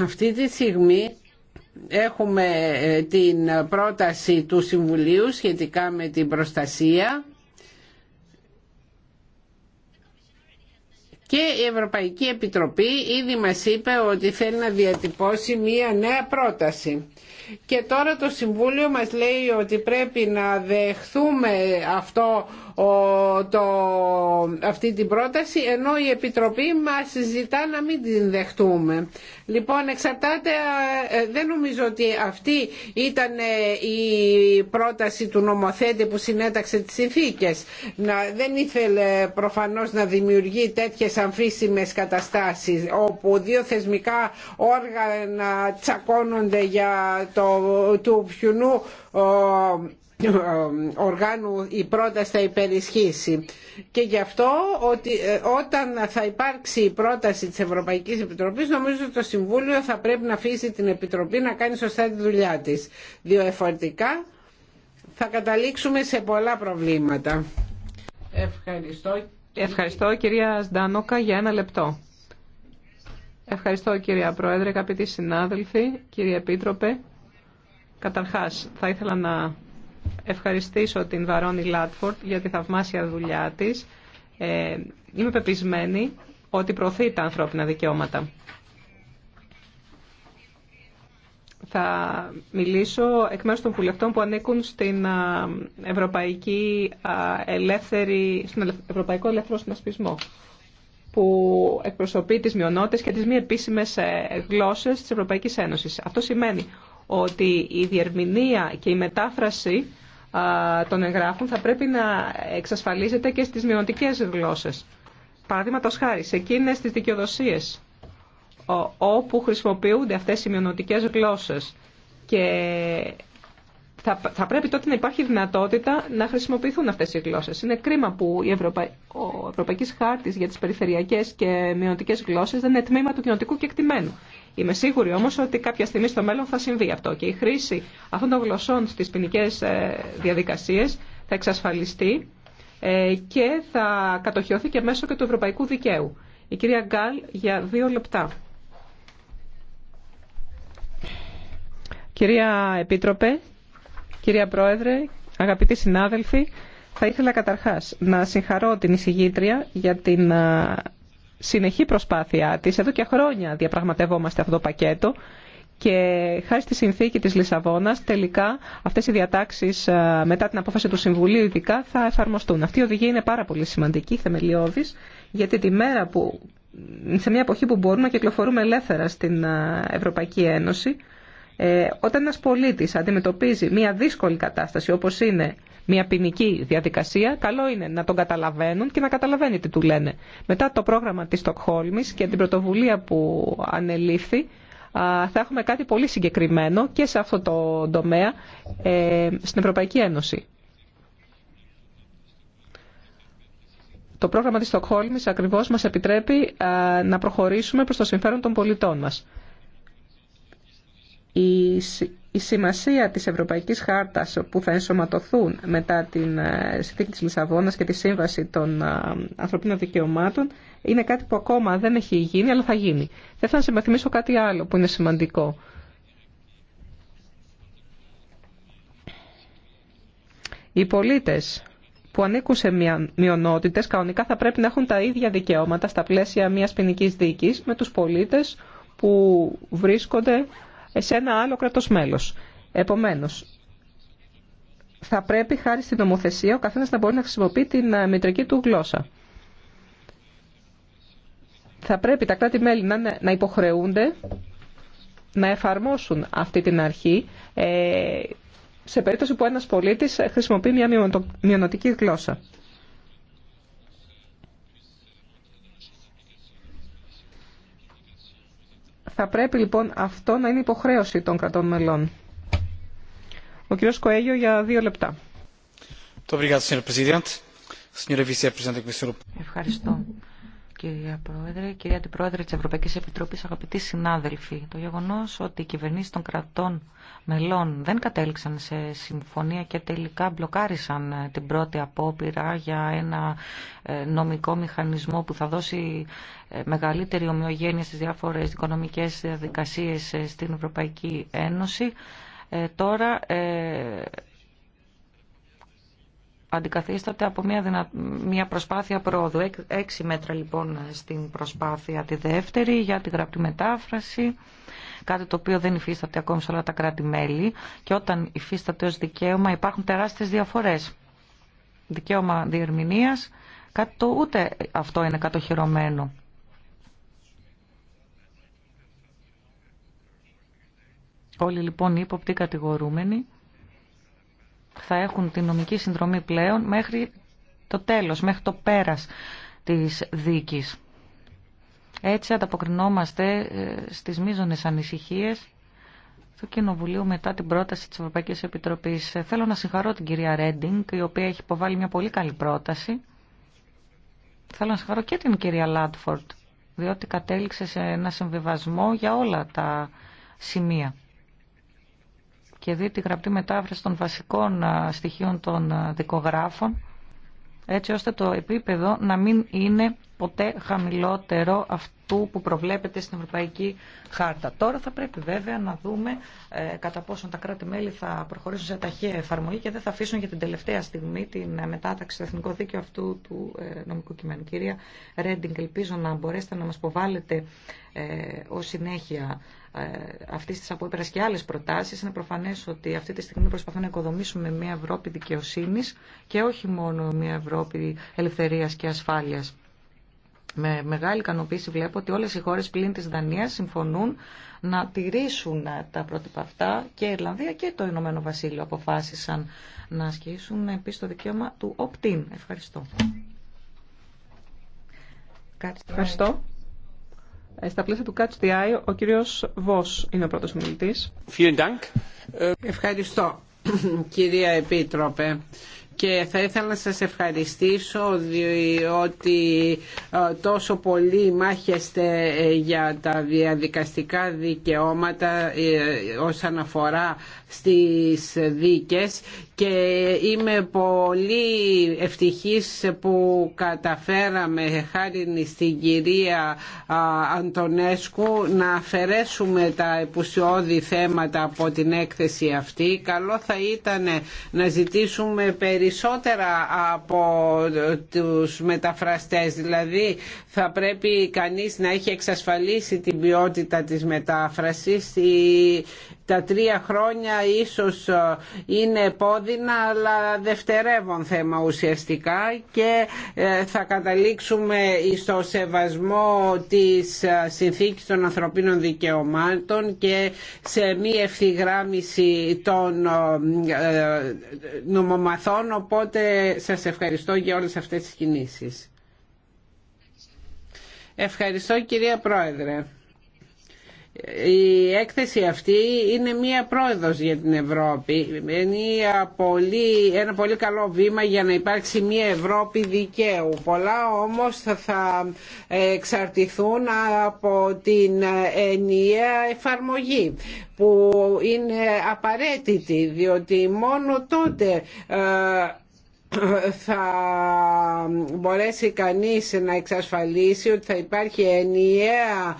Speaker 4: Αυτή τη στιγμή έχουμε ε, την πρόταση του Συμβουλίου σχετικά με την προστασία Και η Ευρωπαϊκή Επιτροπή ήδη μας είπε ότι θέλει να διατυπώσει μία νέα πρόταση. Και τώρα το Συμβούλιο μας λέει ότι πρέπει να δεχθούμε αυτό το, αυτή την πρόταση ενώ η Επιτροπή μας ζητά να μην την δεχτούμε. Λοιπόν, εξαρτάται, ε, ε, δεν νομίζω ότι αυτή ήταν ε, η πρόταση του νομοθέτη που συνέταξε τις συνθήκες. δεν ήθελε προφανώς να δημιουργεί τέτοιες αμφίσιμες καταστάσεις όπου δύο θεσμικά όργανα τσακώνονται για το του πιουνού ε, οργάνου η πρόταση θα υπερισχύσει. Και γι' αυτό ότι ε, όταν θα υπάρξει η πρόταση της Ευρωπαϊκής Επιτροπής νομίζω ότι το Συμβούλιο θα πρέπει να αφήσει την Επιτροπή να κάνει σωστά τη δουλειά της. Διαφορετικά θα καταλήξουμε σε πολλά προβλήματα. Ευχαριστώ. Ευχαριστώ κυρία Σντάνοκα για ένα λεπτό. Ευχαριστώ
Speaker 2: κυρία Πρόεδρε, αγαπητοί συνάδελφοι, κύριε Επίτροπε. Καταρχάς, θα ήθελα να ευχαριστήσω την Βαρόνι Λάτφορτ για τη θαυμάσια δουλειά της. Ε, είμαι πεπισμένη ότι προωθεί τα ανθρώπινα δικαιώματα. Θα μιλήσω εκ μέρους των βουλευτών που ανήκουν στην Ευρωπαϊκή Ελεύθερη, στον Ευρωπαϊκό Ελεύθερο Συνασπισμό που εκπροσωπεί τις μειονότητες και τις μη επίσημες ε, γλώσσες της Ευρωπαϊκής Ένωσης. Αυτό σημαίνει ότι η διερμηνία και η μετάφραση των εγγράφων θα πρέπει να εξασφαλίζεται και στις μειωτικές γλώσσες. Παραδείγματο χάρη, σε εκείνες τις δικαιοδοσίες όπου χρησιμοποιούνται αυτές οι μειωνοτικές γλώσσες και θα, θα πρέπει τότε να υπάρχει δυνατότητα να χρησιμοποιηθούν αυτές οι γλώσσες. Είναι κρίμα που η Ευρωπα... ο Ευρωπαϊκής Χάρτης για τις περιφερειακές και μειωνοτικές γλώσσες δεν είναι τμήμα του κοινωτικού κεκτημένου. Είμαι σίγουρη όμω ότι κάποια στιγμή στο μέλλον θα συμβεί αυτό και η χρήση αυτών των γλωσσών στι ποινικέ ε, διαδικασίε θα εξασφαλιστεί ε, και θα κατοχυρωθεί και μέσω και του ευρωπαϊκού δικαίου. Η κυρία Γκάλ για δύο λεπτά. Κυρία Επίτροπε, κυρία Πρόεδρε, αγαπητοί συνάδελφοι, θα ήθελα καταρχάς να συγχαρώ την εισηγήτρια για την ε, συνεχή προσπάθειά της. Εδώ και χρόνια διαπραγματευόμαστε αυτό το πακέτο και χάρη στη συνθήκη της Λισαβόνας τελικά αυτές οι διατάξεις ε, μετά την απόφαση του Συμβουλίου ειδικά θα εφαρμοστούν. Αυτή η οδηγία είναι πάρα πολύ σημαντική, θεμελιώδης, γιατί τη μέρα που, σε μια εποχή που μπορούμε να κυκλοφορούμε ελεύθερα στην ε, Ευρωπαϊκή Ένωση, ε, όταν ένας πολίτης αντιμετωπίζει μια δύσκολη κατάσταση όπως είναι μια ποινική διαδικασία, καλό είναι να τον καταλαβαίνουν και να καταλαβαίνει τι του λένε. Μετά το πρόγραμμα της Στοκχόλμης και την πρωτοβουλία που ανελήφθη, θα έχουμε κάτι πολύ συγκεκριμένο και σε αυτό το τομέα ε, στην Ευρωπαϊκή Ένωση. Το πρόγραμμα της Στοκχόλμης ακριβώς μας επιτρέπει να προχωρήσουμε προς το συμφέρον των πολιτών μας η σημασία της Ευρωπαϊκής Χάρτας που θα ενσωματωθούν μετά την ε, συνθήκη της Λισαβόνας και τη σύμβαση των ε, ανθρωπίνων δικαιωμάτων είναι κάτι που ακόμα δεν έχει γίνει αλλά θα γίνει. Θα ήθελα να συμπαθυμίσω κάτι άλλο που είναι σημαντικό. Οι πολίτες που ανήκουν σε μειονότητε, κανονικά θα πρέπει να έχουν τα ίδια δικαιώματα στα πλαίσια μιας ποινική δίκης με τους πολίτες που βρίσκονται σε ένα άλλο κράτος μέλος. Επομένως, θα πρέπει χάρη στην νομοθεσία ο καθένας να μπορεί να χρησιμοποιεί την ε, μητρική του γλώσσα. Θα πρέπει τα κράτη-μέλη να υποχρεούνται να εφαρμόσουν αυτή την αρχή ε, σε περίπτωση που ένας πολίτης χρησιμοποιεί μια μειονοτική γλώσσα. Θα πρέπει λοιπόν αυτό να είναι υποχρέωση των κρατών μελών. Ο κύριος Κοέγιο για δύο λεπτά.
Speaker 1: Ευχαριστώ κυρία Πρόεδρε, κυρία Αντιπρόεδρε της Ευρωπαϊκής Επιτροπής, αγαπητοί συνάδελφοι. Το γεγονός ότι οι κυβερνήσεις των κρατών μελών δεν κατέληξαν σε συμφωνία και τελικά μπλοκάρισαν την πρώτη απόπειρα για ένα ε, νομικό μηχανισμό που θα δώσει ε, μεγαλύτερη ομοιογένεια στις διάφορες οικονομικές διαδικασίες ε, στην Ευρωπαϊκή Ένωση. τώρα αντικαθίσταται από μια, μια προσπάθεια πρόοδου. Έξι μέτρα λοιπόν στην προσπάθεια τη δεύτερη για τη γραπτή μετάφραση, κάτι το οποίο δεν υφίσταται ακόμη σε όλα τα κράτη-μέλη και όταν υφίσταται ως δικαίωμα υπάρχουν τεράστιες διαφορές. Δικαίωμα διερμηνίας, κάτι το ούτε αυτό είναι κατοχυρωμένο. Όλοι λοιπόν οι ύποπτοι κατηγορούμενοι θα έχουν τη νομική συνδρομή πλέον μέχρι το τέλος, μέχρι το πέρας της δίκης. Έτσι ανταποκρινόμαστε ε, στις μείζονες ανησυχίες του Κοινοβουλίου μετά την πρόταση της Ευρωπαϊκής Επιτροπής. Ε, θέλω να συγχαρώ την κυρία Ρέντινγκ, η οποία έχει υποβάλει μια πολύ καλή πρόταση. Θέλω να συγχαρώ και την κυρία Λάντφορντ, διότι κατέληξε σε ένα συμβιβασμό για όλα τα σημεία και δει τη γραπτή μετάφραση των βασικών στοιχείων των δικογράφων έτσι ώστε το επίπεδο να μην είναι ποτέ χαμηλότερο αυτού που προβλέπεται στην Ευρωπαϊκή Χάρτα. Τώρα θα πρέπει βέβαια να δούμε ε, κατά πόσο τα κράτη-μέλη θα προχωρήσουν σε ταχεία εφαρμογή και δεν θα αφήσουν για την τελευταία στιγμή την ε, μετάταξη στο εθνικό δίκαιο αυτού του ε, νομικού κειμένου. Κυρία Ρέντινγκ, ελπίζω να μπορέσετε να μας υποβάλλετε ως συνέχεια ε, αυτή τη απόπειρα και άλλες προτάσεις, είναι προφανέ ότι αυτή τη στιγμή προσπαθούν να οικοδομήσουμε μια Ευρώπη δικαιοσύνης και όχι μόνο μια Ευρώπη ελευθερίας και ασφάλειας. Με μεγάλη ικανοποίηση βλέπω ότι όλες οι χώρες πλήν τη Δανία συμφωνούν να τηρήσουν τα πρότυπα αυτά και η Ιρλανδία και το Ηνωμένο Βασίλειο αποφάσισαν να ασκήσουν επίση το δικαίωμα του opt-in. Ευχαριστώ.
Speaker 2: Ευχαριστώ. Ε, στα πλαίσια του Catch the ο
Speaker 4: κύριος Βος είναι ο πρώτος μιλητής. Ευχαριστώ, κυρία Επίτροπε και θα ήθελα να σας ευχαριστήσω διότι ε, τόσο πολύ μάχεστε ε, για τα διαδικαστικά δικαιώματα όσον αφορά στις δίκες και είμαι πολύ ευτυχής που καταφέραμε χάρη στην κυρία Αντωνέσκου να αφαιρέσουμε τα επουσιώδη θέματα από την έκθεση αυτή. Καλό θα ήταν να ζητήσουμε περισσότερα από τους μεταφραστές. Δηλαδή θα πρέπει κανείς να έχει εξασφαλίσει την ποιότητα της μετάφρασης. Η τα τρία χρόνια ίσως ε, είναι πόδινα αλλά δευτερεύον θέμα ουσιαστικά και ε, θα καταλήξουμε στο σεβασμό της ε, συνθήκης των ανθρωπίνων δικαιωμάτων και σε μη ευθυγράμμιση των νομομαθών οπότε σας ευχαριστώ για όλες αυτές τις κινήσεις. Ευχαριστώ κυρία Πρόεδρε η έκθεση αυτή είναι μία πρόεδρος για την Ευρώπη. Είναι πολύ, ένα πολύ καλό βήμα για να υπάρξει μία Ευρώπη δικαίου. Πολλά όμως θα εξαρτηθούν από την ενιαία εφαρμογή που είναι απαραίτητη διότι μόνο τότε ε, θα μπορέσει κανείς να εξασφαλίσει ότι θα υπάρχει ενιαία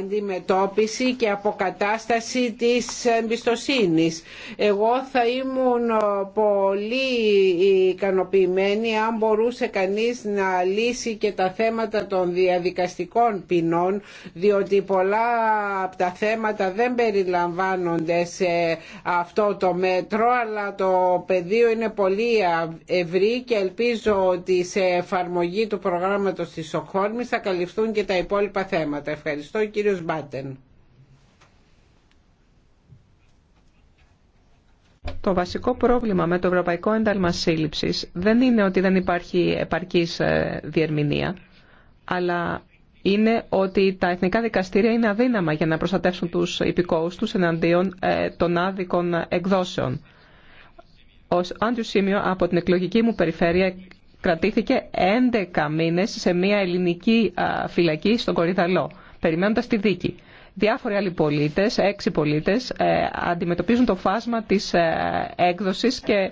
Speaker 4: αντιμετώπιση και αποκατάσταση της εμπιστοσύνης. Εγώ θα ήμουν πολύ ικανοποιημένη αν μπορούσε κανείς να λύσει και τα θέματα των διαδικαστικών ποινών διότι πολλά από τα θέματα δεν περιλαμβάνονται σε αυτό το μέτρο αλλά το πεδίο είναι πολύ ευ ευρύ και ελπίζω ότι σε εφαρμογή του προγράμματος της Σοκχόρμης θα καλυφθούν και τα υπόλοιπα θέματα. Ευχαριστώ κύριος Μπάτεν.
Speaker 2: Το βασικό πρόβλημα με το Ευρωπαϊκό Ένταλμα δεν είναι ότι δεν υπάρχει επαρκής ε, διερμηνία, αλλά είναι ότι τα εθνικά δικαστήρια είναι αδύναμα για να προστατεύσουν τους υπηκόους του εναντίον ε, των άδικων εκδόσεων. Ο άντιο Σίμιο από την εκλογική μου περιφέρεια κρατήθηκε 11 μήνες σε μια ελληνική φυλακή στον Κορυδαλό, περιμένοντας τη δίκη. Διάφοροι άλλοι πολίτες, έξι πολίτες, ε, αντιμετωπίζουν το φάσμα της ε, έκδοσης και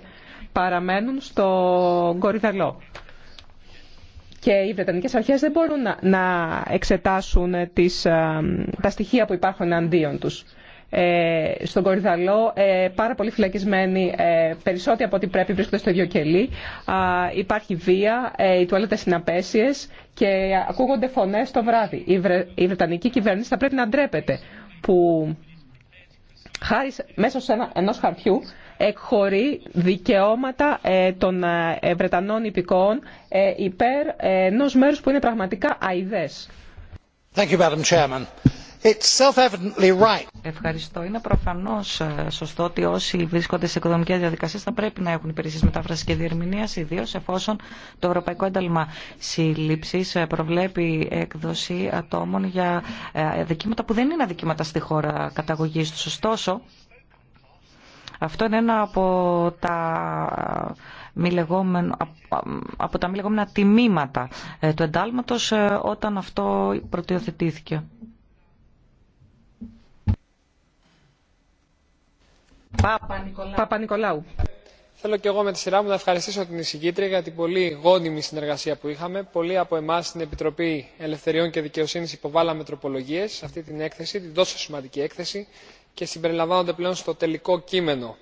Speaker 2: παραμένουν στο Κορυδαλό. Και οι Βρετανικές αρχές δεν μπορούν να εξετάσουν ε, τις, τα στοιχεία που υπάρχουν αντίον τους. Ε, στον Κορυδαλό, ε, πάρα πολύ φυλακισμένοι, ε, περισσότεροι από ό,τι πρέπει βρίσκονται στο ίδιο κελί. Υπάρχει βία, οι τουαλέτες είναι και ακούγονται φωνές το βράδυ. Η, Βρετανική κυβέρνηση θα πρέπει να ντρέπεται που χάρη μέσω ένα... ενός χαρτιού εκχωρεί δικαιώματα των Βρετανών υπηκόων υπέρ ενός μέρους που είναι πραγματικά αηδέ.
Speaker 1: Thank Ευχαριστώ. Είναι προφανώ ε, σωστό ότι όσοι βρίσκονται σε οικοδομικέ διαδικασίε θα πρέπει να έχουν υπηρεσίε μετάφραση και διερμηνία, ιδίω εφόσον το Ευρωπαϊκό Ένταλμα Σύλληψη ε, προβλέπει έκδοση ατόμων για ε, δικήματα που δεν είναι δικήματα στη χώρα καταγωγή του. Ωστόσο, αυτό είναι ένα από τα μη από τα λεγόμενα τιμήματα του εντάλματος όταν αυτό προτιοθετήθηκε.
Speaker 2: Παπα-Νικολάου.
Speaker 3: Παπα νικολαου θελω και εγώ με τη σειρά μου να ευχαριστήσω την εισηγήτρια για την πολύ γόνιμη συνεργασία που είχαμε. Πολλοί από εμά στην Επιτροπή Ελευθεριών και Δικαιοσύνη υποβάλαμε τροπολογίε σε αυτή την έκθεση, την τόσο σημαντική έκθεση, και συμπεριλαμβάνονται πλέον στο τελικό κείμενο.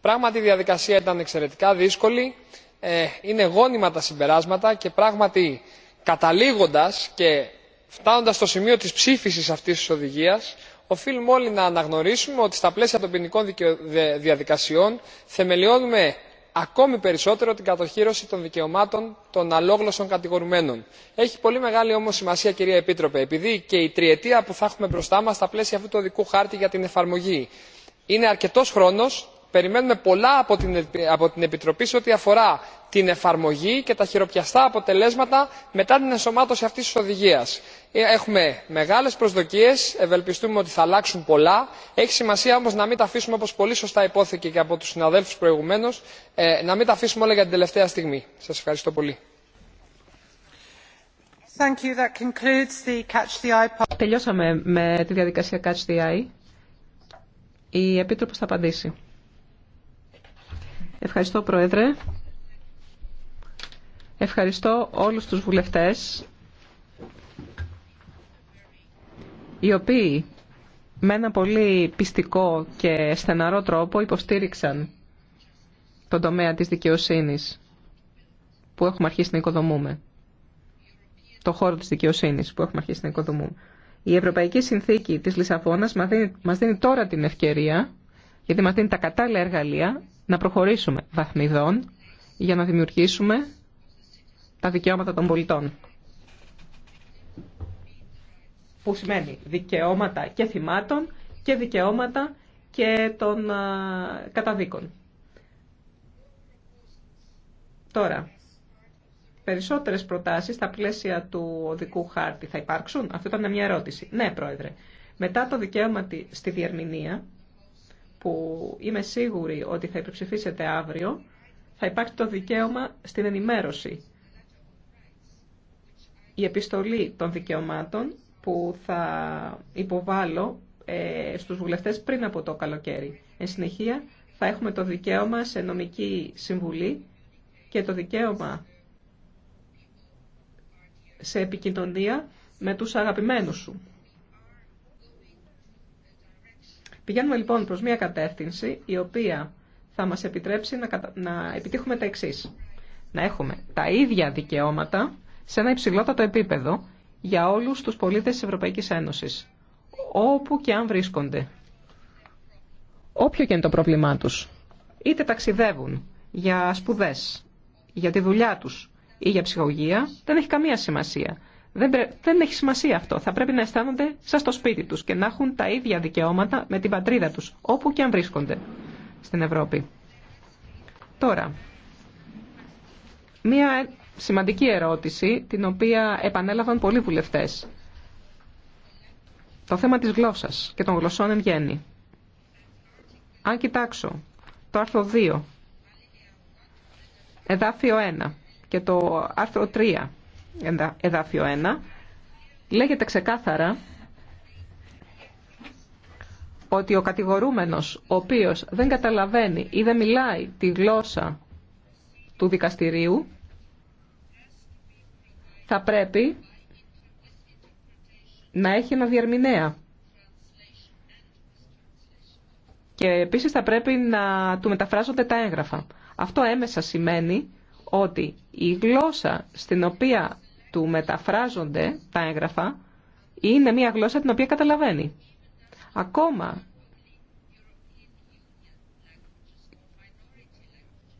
Speaker 3: Πράγματι η διαδικασία ήταν εξαιρετικά δύσκολη, ε, είναι γόνιμα τα συμπεράσματα και πράγματι καταλήγοντας και φτάνοντα στο σημείο τη ψήφιση αυτή τη οδηγία οφείλουμε όλοι να αναγνωρίσουμε ότι στα πλαίσια των ποινικών διαδικασιών θεμελιώνουμε ακόμη περισσότερο την κατοχύρωση των δικαιωμάτων των αλλόγλωσσων κατηγορουμένων. έχει πολύ μεγάλη όμως σημασία κυρία επίτροπε επειδή και η τριετία που θα έχουμε μπροστά μας στα πλαίσια αυτού του οδικού χάρτη για την εφαρμογή είναι αρκετός χρόνος περιμένουμε πολλά από την επιτροπή σε ό,τι αφορά την εφαρμογή και τα χειροπιαστά αποτελέσματα μετά την ενσωμάτωση αυτής τη οδηγία. Ε, έχουμε μεγάλες προσδοκίες ευελπιστούμε ότι θα αλλάξουν πολλά έχει σημασία όμω να μην τα αφήσουμε όπω πολύ σωστά υπόθηκε και από τους συναδέλφους προηγουμένως ε, να μην τα αφήσουμε όλα για την τελευταία στιγμή. Σα ευχαριστώ πολύ.
Speaker 2: Η θα απαντήσει. Ευχαριστώ, Πρόεδρε. Ευχαριστώ όλους τους βουλευτές οι οποίοι με ένα πολύ πιστικό και στεναρό τρόπο υποστήριξαν τον τομέα της δικαιοσύνης που έχουμε αρχίσει να οικοδομούμε. Το χώρο της δικαιοσύνης που έχουμε αρχίσει να οικοδομούμε. Η Ευρωπαϊκή Συνθήκη της Λισαβόνας μας δίνει, μας δίνει τώρα την ευκαιρία, γιατί μας δίνει τα κατάλληλα εργαλεία, να προχωρήσουμε βαθμιδών για να δημιουργήσουμε τα δικαιώματα των πολιτών. Που σημαίνει δικαιώματα και θυμάτων και δικαιώματα και των καταδίκων. Τώρα, περισσότερες προτάσεις στα πλαίσια του οδικού χάρτη θα υπάρξουν. Αυτό ήταν μια ερώτηση. Ναι, Πρόεδρε. Μετά το δικαίωμα στη διερμηνία, που είμαι σίγουρη ότι θα υποψηφίσετε αύριο, θα υπάρχει το δικαίωμα στην ενημέρωση. Η επιστολή των δικαιωμάτων που θα υποβάλω ε, στους βουλευτές πριν από το καλοκαίρι. Εν συνεχεία, θα έχουμε το δικαίωμα σε νομική συμβουλή και το δικαίωμα σε επικοινωνία με τους αγαπημένους σου. Πηγαίνουμε λοιπόν προς μια κατεύθυνση η οποία θα μας επιτρέψει να, επιτύχουμε τα εξής. Να έχουμε τα ίδια δικαιώματα σε ένα υψηλότατο επίπεδο για όλους τους πολίτες της Ευρωπαϊκής Ένωσης, όπου και αν βρίσκονται. Όποιο και είναι το πρόβλημά τους, είτε ταξιδεύουν για σπουδές, για τη δουλειά τους ή για ψυχογεία, δεν έχει καμία σημασία. Δεν, πρέ... έχει σημασία αυτό. Θα πρέπει να αισθάνονται σαν στο σπίτι τους και να έχουν τα ίδια δικαιώματα με την πατρίδα τους, όπου και αν βρίσκονται στην Ευρώπη. Τώρα, μία σημαντική ερώτηση, την οποία επανέλαβαν πολλοί βουλευτές. Το θέμα της γλώσσας και των γλωσσών εν γέννη. Αν κοιτάξω το άρθρο 2, εδάφιο 1 και το άρθρο 3 εδάφιο 1, λέγεται ξεκάθαρα ότι ο κατηγορούμενος ο οποίος δεν καταλαβαίνει ή δεν μιλάει τη γλώσσα του δικαστηρίου θα πρέπει να έχει ένα διερμηνέα. Και επίσης θα πρέπει να του μεταφράζονται τα έγγραφα. Αυτό έμεσα σημαίνει ότι η γλώσσα στην οποία του μεταφράζονται τα έγγραφα είναι μια γλώσσα την οποία καταλαβαίνει. Ακόμα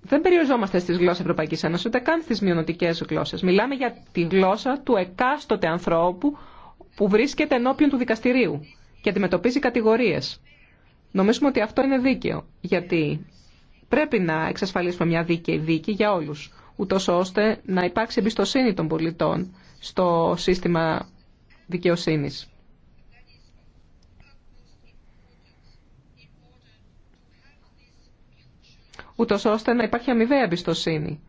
Speaker 2: δεν περιοριζόμαστε στις γλώσσες Ευρωπαϊκής Ένωσης, ούτε καν στις μειονοτικές γλώσσες. Μιλάμε για τη γλώσσα του εκάστοτε ανθρώπου που βρίσκεται ενώπιον του δικαστηρίου και αντιμετωπίζει κατηγορίες. Νομίζουμε ότι αυτό είναι δίκαιο, γιατί πρέπει να εξασφαλίσουμε μια δίκαιη δίκη για όλους ούτως ώστε να υπάρξει εμπιστοσύνη των πολιτών στο σύστημα δικαιοσύνης. ούτως ώστε να υπάρχει αμοιβαία εμπιστοσύνη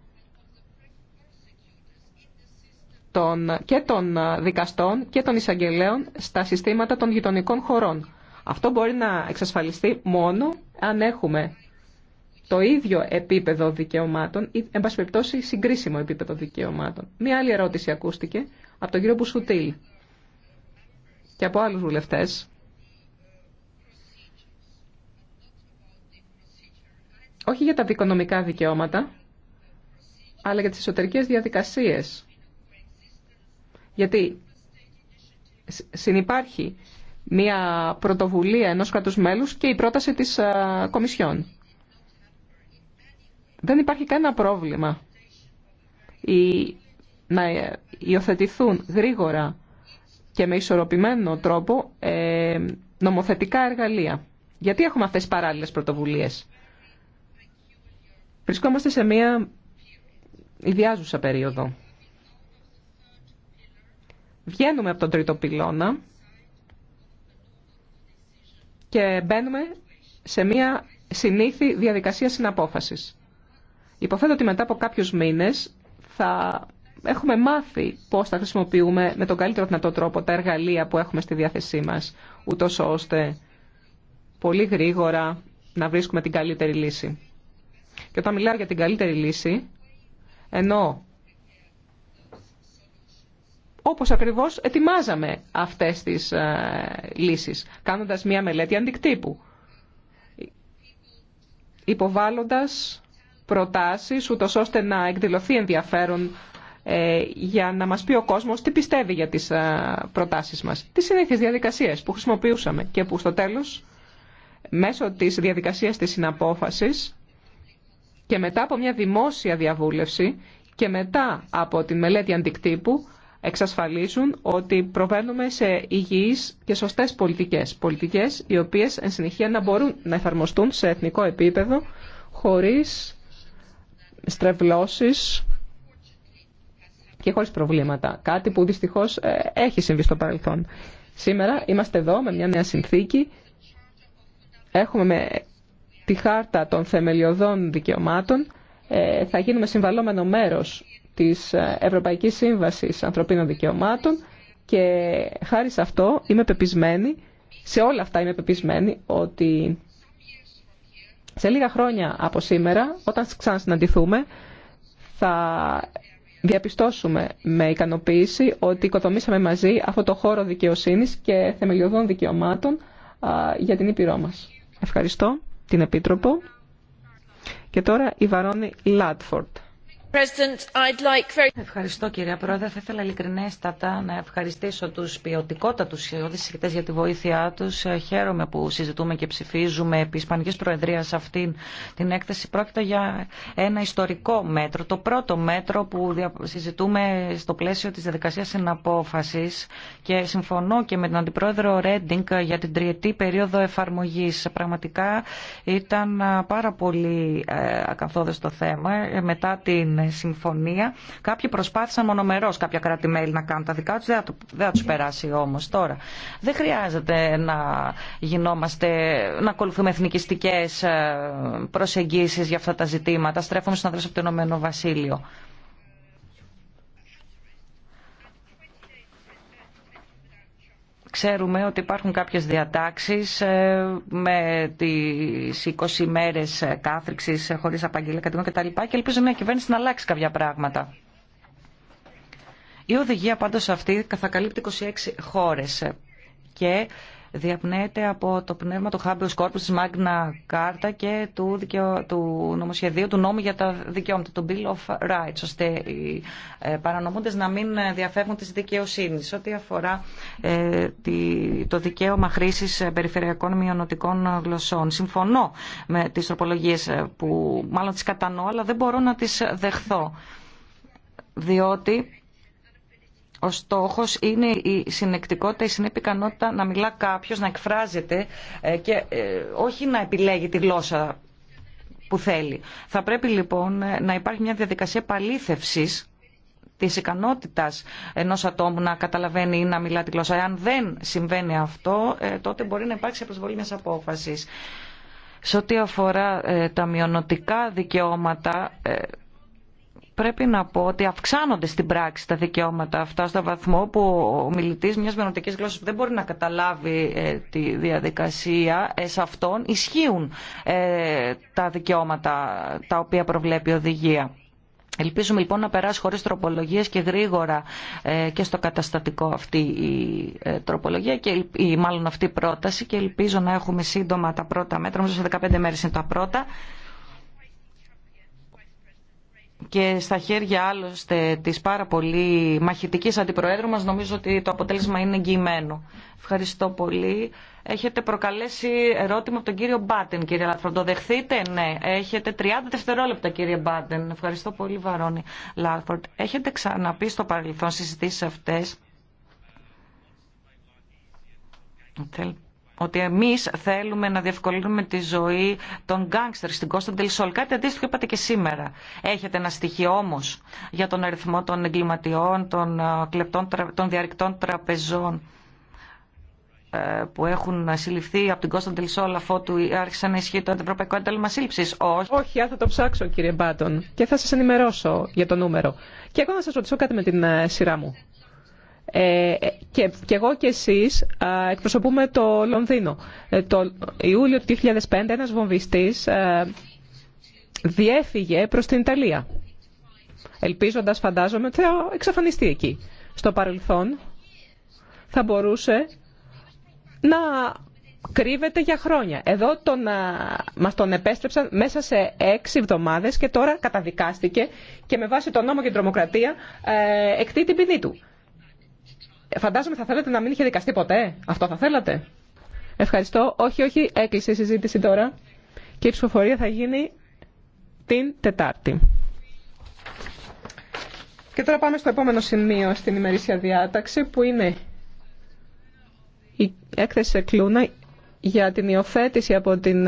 Speaker 2: των, και των δικαστών και των εισαγγελέων στα συστήματα των γειτονικών χωρών. Αυτό μπορεί να εξασφαλιστεί μόνο αν έχουμε το ίδιο επίπεδο δικαιωμάτων ή, εν πάση περιπτώσει, συγκρίσιμο επίπεδο δικαιωμάτων. Μία άλλη ερώτηση ακούστηκε από τον κύριο Μπουσουτήλ και από άλλους βουλευτές. Όχι για τα δικονομικά δικαιώματα, αλλά για τις εσωτερικές διαδικασίες. Γιατί συνυπάρχει μία πρωτοβουλία ενός κράτους μέλους και η πρόταση της Κομισιόν δεν υπάρχει κανένα πρόβλημα η, να υιοθετηθούν γρήγορα και με ισορροπημένο τρόπο ε, νομοθετικά εργαλεία. Γιατί έχουμε αυτές τις παράλληλες πρωτοβουλίες. Βρισκόμαστε σε μια ιδιάζουσα περίοδο. Βγαίνουμε από τον τρίτο πυλώνα και μπαίνουμε σε μια συνήθη διαδικασία συναπόφασης. Υποθέτω ότι μετά από κάποιους μήνες θα έχουμε μάθει πώς θα χρησιμοποιούμε με τον καλύτερο δυνατό τρόπο τα εργαλεία που έχουμε στη διάθεσή μας, ούτω ώστε πολύ γρήγορα να βρίσκουμε την καλύτερη λύση. Και όταν μιλάω για την καλύτερη λύση, ενώ όπως ακριβώς ετοιμάζαμε αυτές τις ε, λύσεις, κάνοντας μία μελέτη αντικτύπου, υποβάλλοντας προτάσεις, ούτως ώστε να εκδηλωθεί ενδιαφέρον ε, για να μας πει ο κόσμος τι πιστεύει για τις ε, προτάσεις μας. Τι συνήθειες διαδικασίες που χρησιμοποιούσαμε και που στο τέλος, μέσω της διαδικασίας της συναπόφασης και μετά από μια δημόσια διαβούλευση και μετά από τη μελέτη αντικτύπου, εξασφαλίζουν ότι προβαίνουμε σε υγιείς και σωστές πολιτικές. Πολιτικές οι οποίες εν συνεχεία να μπορούν να εφαρμοστούν σε εθνικό επίπεδο χωρίς στρεβλώσεις και χωρίς προβλήματα. Κάτι που δυστυχώς ε, έχει συμβεί στο παρελθόν. Σήμερα είμαστε εδώ με μια νέα συνθήκη. Έχουμε τη χάρτα των θεμελιωδών δικαιωμάτων. Ε, θα γίνουμε συμβαλόμενο μέρος της ε, Ευρωπαϊκής Σύμβασης Ανθρωπίνων Δικαιωμάτων και χάρη σε αυτό είμαι πεπισμένη, σε όλα αυτά είμαι πεπισμένη ότι σε λίγα χρόνια από σήμερα, όταν ξανασυναντηθούμε, θα διαπιστώσουμε με ικανοποίηση ότι οικοδομήσαμε μαζί αυτό το χώρο δικαιοσύνης και θεμελιωδών δικαιωμάτων για την Ήπειρό μας. Ευχαριστώ την Επίτροπο. Και τώρα η Βαρόνη Λάτφορντ.
Speaker 1: Ευχαριστώ κυρία Πρόεδρε. Θα ήθελα ειλικρινέστατα να ευχαριστήσω τους ποιοτικότατους οδησυχητές για τη βοήθειά τους. Χαίρομαι που συζητούμε και ψηφίζουμε επί Ισπανικής Προεδρίας αυτή την έκθεση. Πρόκειται για ένα ιστορικό μέτρο, το πρώτο μέτρο που συζητούμε στο πλαίσιο της διαδικασίας εναπόφασης και συμφωνώ και με τον Αντιπρόεδρο Ρέντινγκ για την τριετή περίοδο εφαρμογής. Πραγματικά ήταν πάρα πολύ ε, ακαθόδες το θέμα ε, μετά την συμφωνία. Κάποιοι προσπάθησαν μονομερό κάποια κράτη-μέλη να κάνουν τα δικά του, δεν θα του περάσει όμω τώρα. Δεν χρειάζεται να γινόμαστε, να ακολουθούμε εθνικιστικέ ε, προσεγγίσεις για αυτά τα ζητήματα. Στρέφομαι στον ανθρώπου από το Ηνωμένο Βασίλειο. Ξέρουμε ότι υπάρχουν κάποιες διατάξεις ε, με τις 20 μέρες κάθριξης ε, χωρίς απαγγελία κατηγορία κτλ. Και ελπίζω μια κυβέρνηση να αλλάξει κάποια πράγματα. Η οδηγία πάντως αυτή θα καλύπτει 26 χώρες και διαπνέεται από το πνεύμα του Χάμπιου Κόρπου τη Μάγνα Κάρτα και του, δικαιο... του νομοσχεδίου του νόμου για τα δικαιώματα, του Bill of Rights, ώστε οι ε, παρανομούντες να μην ε, διαφεύγουν τη δικαιοσύνη Ό,τι αφορά ε, το δικαίωμα χρήση περιφερειακών μειονοτικών γλωσσών. Συμφωνώ με τις τροπολογίε που μάλλον τις κατανοώ, αλλά δεν μπορώ να τι δεχθώ. Διότι ο στόχο είναι η συνεκτικότητα, η συνεπικανότητα να μιλά κάποιο, να εκφράζεται ε, και ε, όχι να επιλέγει τη γλώσσα που θέλει. Θα πρέπει λοιπόν ε, να υπάρχει μια διαδικασία παλήθευση τη ικανότητα ενό ατόμου να καταλαβαίνει ή να μιλά τη γλώσσα. Αν δεν συμβαίνει αυτό, τότε μπορεί να υπάρξει αποσβολή μια απόφαση. Σε ό,τι αφορά τα μειονοτικά δικαιώματα, πρέπει να πω ότι αυξάνονται στην πράξη τα δικαιώματα αυτά στο βαθμό που ο μιλητή μια μενοτική γλώσσα που δεν μπορεί να καταλάβει ε, τη διαδικασία, ε, σε αυτόν ισχύουν ε, τα δικαιώματα τα οποία προβλέπει η οδηγία. Ελπίζουμε λοιπόν να περάσει χωρίς τροπολογίες και γρήγορα και στο καταστατικό αυτή η τροπολογία και η, μάλλον αυτή η πρόταση και ελπίζω να έχουμε σύντομα τα πρώτα μέτρα. μέσα σε 15 μέρες είναι τα πρώτα και στα χέρια άλλωστε της πάρα πολύ μαχητικής αντιπροέδρου μας νομίζω ότι το αποτέλεσμα είναι εγγυημένο. Ευχαριστώ πολύ. Έχετε προκαλέσει ερώτημα από τον κύριο Μπάτεν, κύριε Λάτφορντ. Το δεχθείτε, ναι. Έχετε 30 δευτερόλεπτα, κύριε Μπάτεν. Ευχαριστώ πολύ, Βαρόνι Λάτφορντ. Έχετε ξαναπεί στο παρελθόν συζητήσει αυτές ότι εμείς θέλουμε να διευκολύνουμε τη ζωή των γκάγκστερ στην Κώστα Σόλ. Κάτι αντίστοιχο είπατε και σήμερα. Έχετε ένα στοιχείο όμω για τον αριθμό των εγκληματιών, των, ε, κλεπτών, των διαρρηκτών τραπεζών ε, που έχουν συλληφθεί από
Speaker 2: την Κώστα Ντελσόλ αφότου άρχισαν να ισχύει το Ευρωπαϊκό Ένταλμα Σύλληψη. Όχι. Όχι, θα το ψάξω, κύριε Μπάτον, και θα σα ενημερώσω για το νούμερο. Και εγώ να σα ρωτήσω κάτι με την ε, σειρά μου. Ε, και, εγώ και εσείς εκπροσωπούμε το Λονδίνο. Ε, το Ιούλιο του 2005 ένας βομβιστής ε, διέφυγε προς την Ιταλία. Ελπίζοντας, φαντάζομαι, ότι θα εξαφανιστεί εκεί. Στο παρελθόν θα μπορούσε να κρύβεται για χρόνια. Εδώ τον, μας τον επέστρεψαν μέσα σε έξι εβδομάδες και τώρα καταδικάστηκε και με βάση τον νόμο και την τρομοκρατία ε, εκτεί την ποινή του. Φαντάζομαι θα θέλατε να μην είχε δικαστεί ποτέ. Αυτό θα θέλατε. Ευχαριστώ. Όχι, όχι, έκλεισε η συζήτηση τώρα. Και η ψηφοφορία θα γίνει την Τετάρτη. Και τώρα πάμε στο επόμενο σημείο στην ημερήσια διάταξη που είναι η έκθεση Κλούνα για την υιοθέτηση από την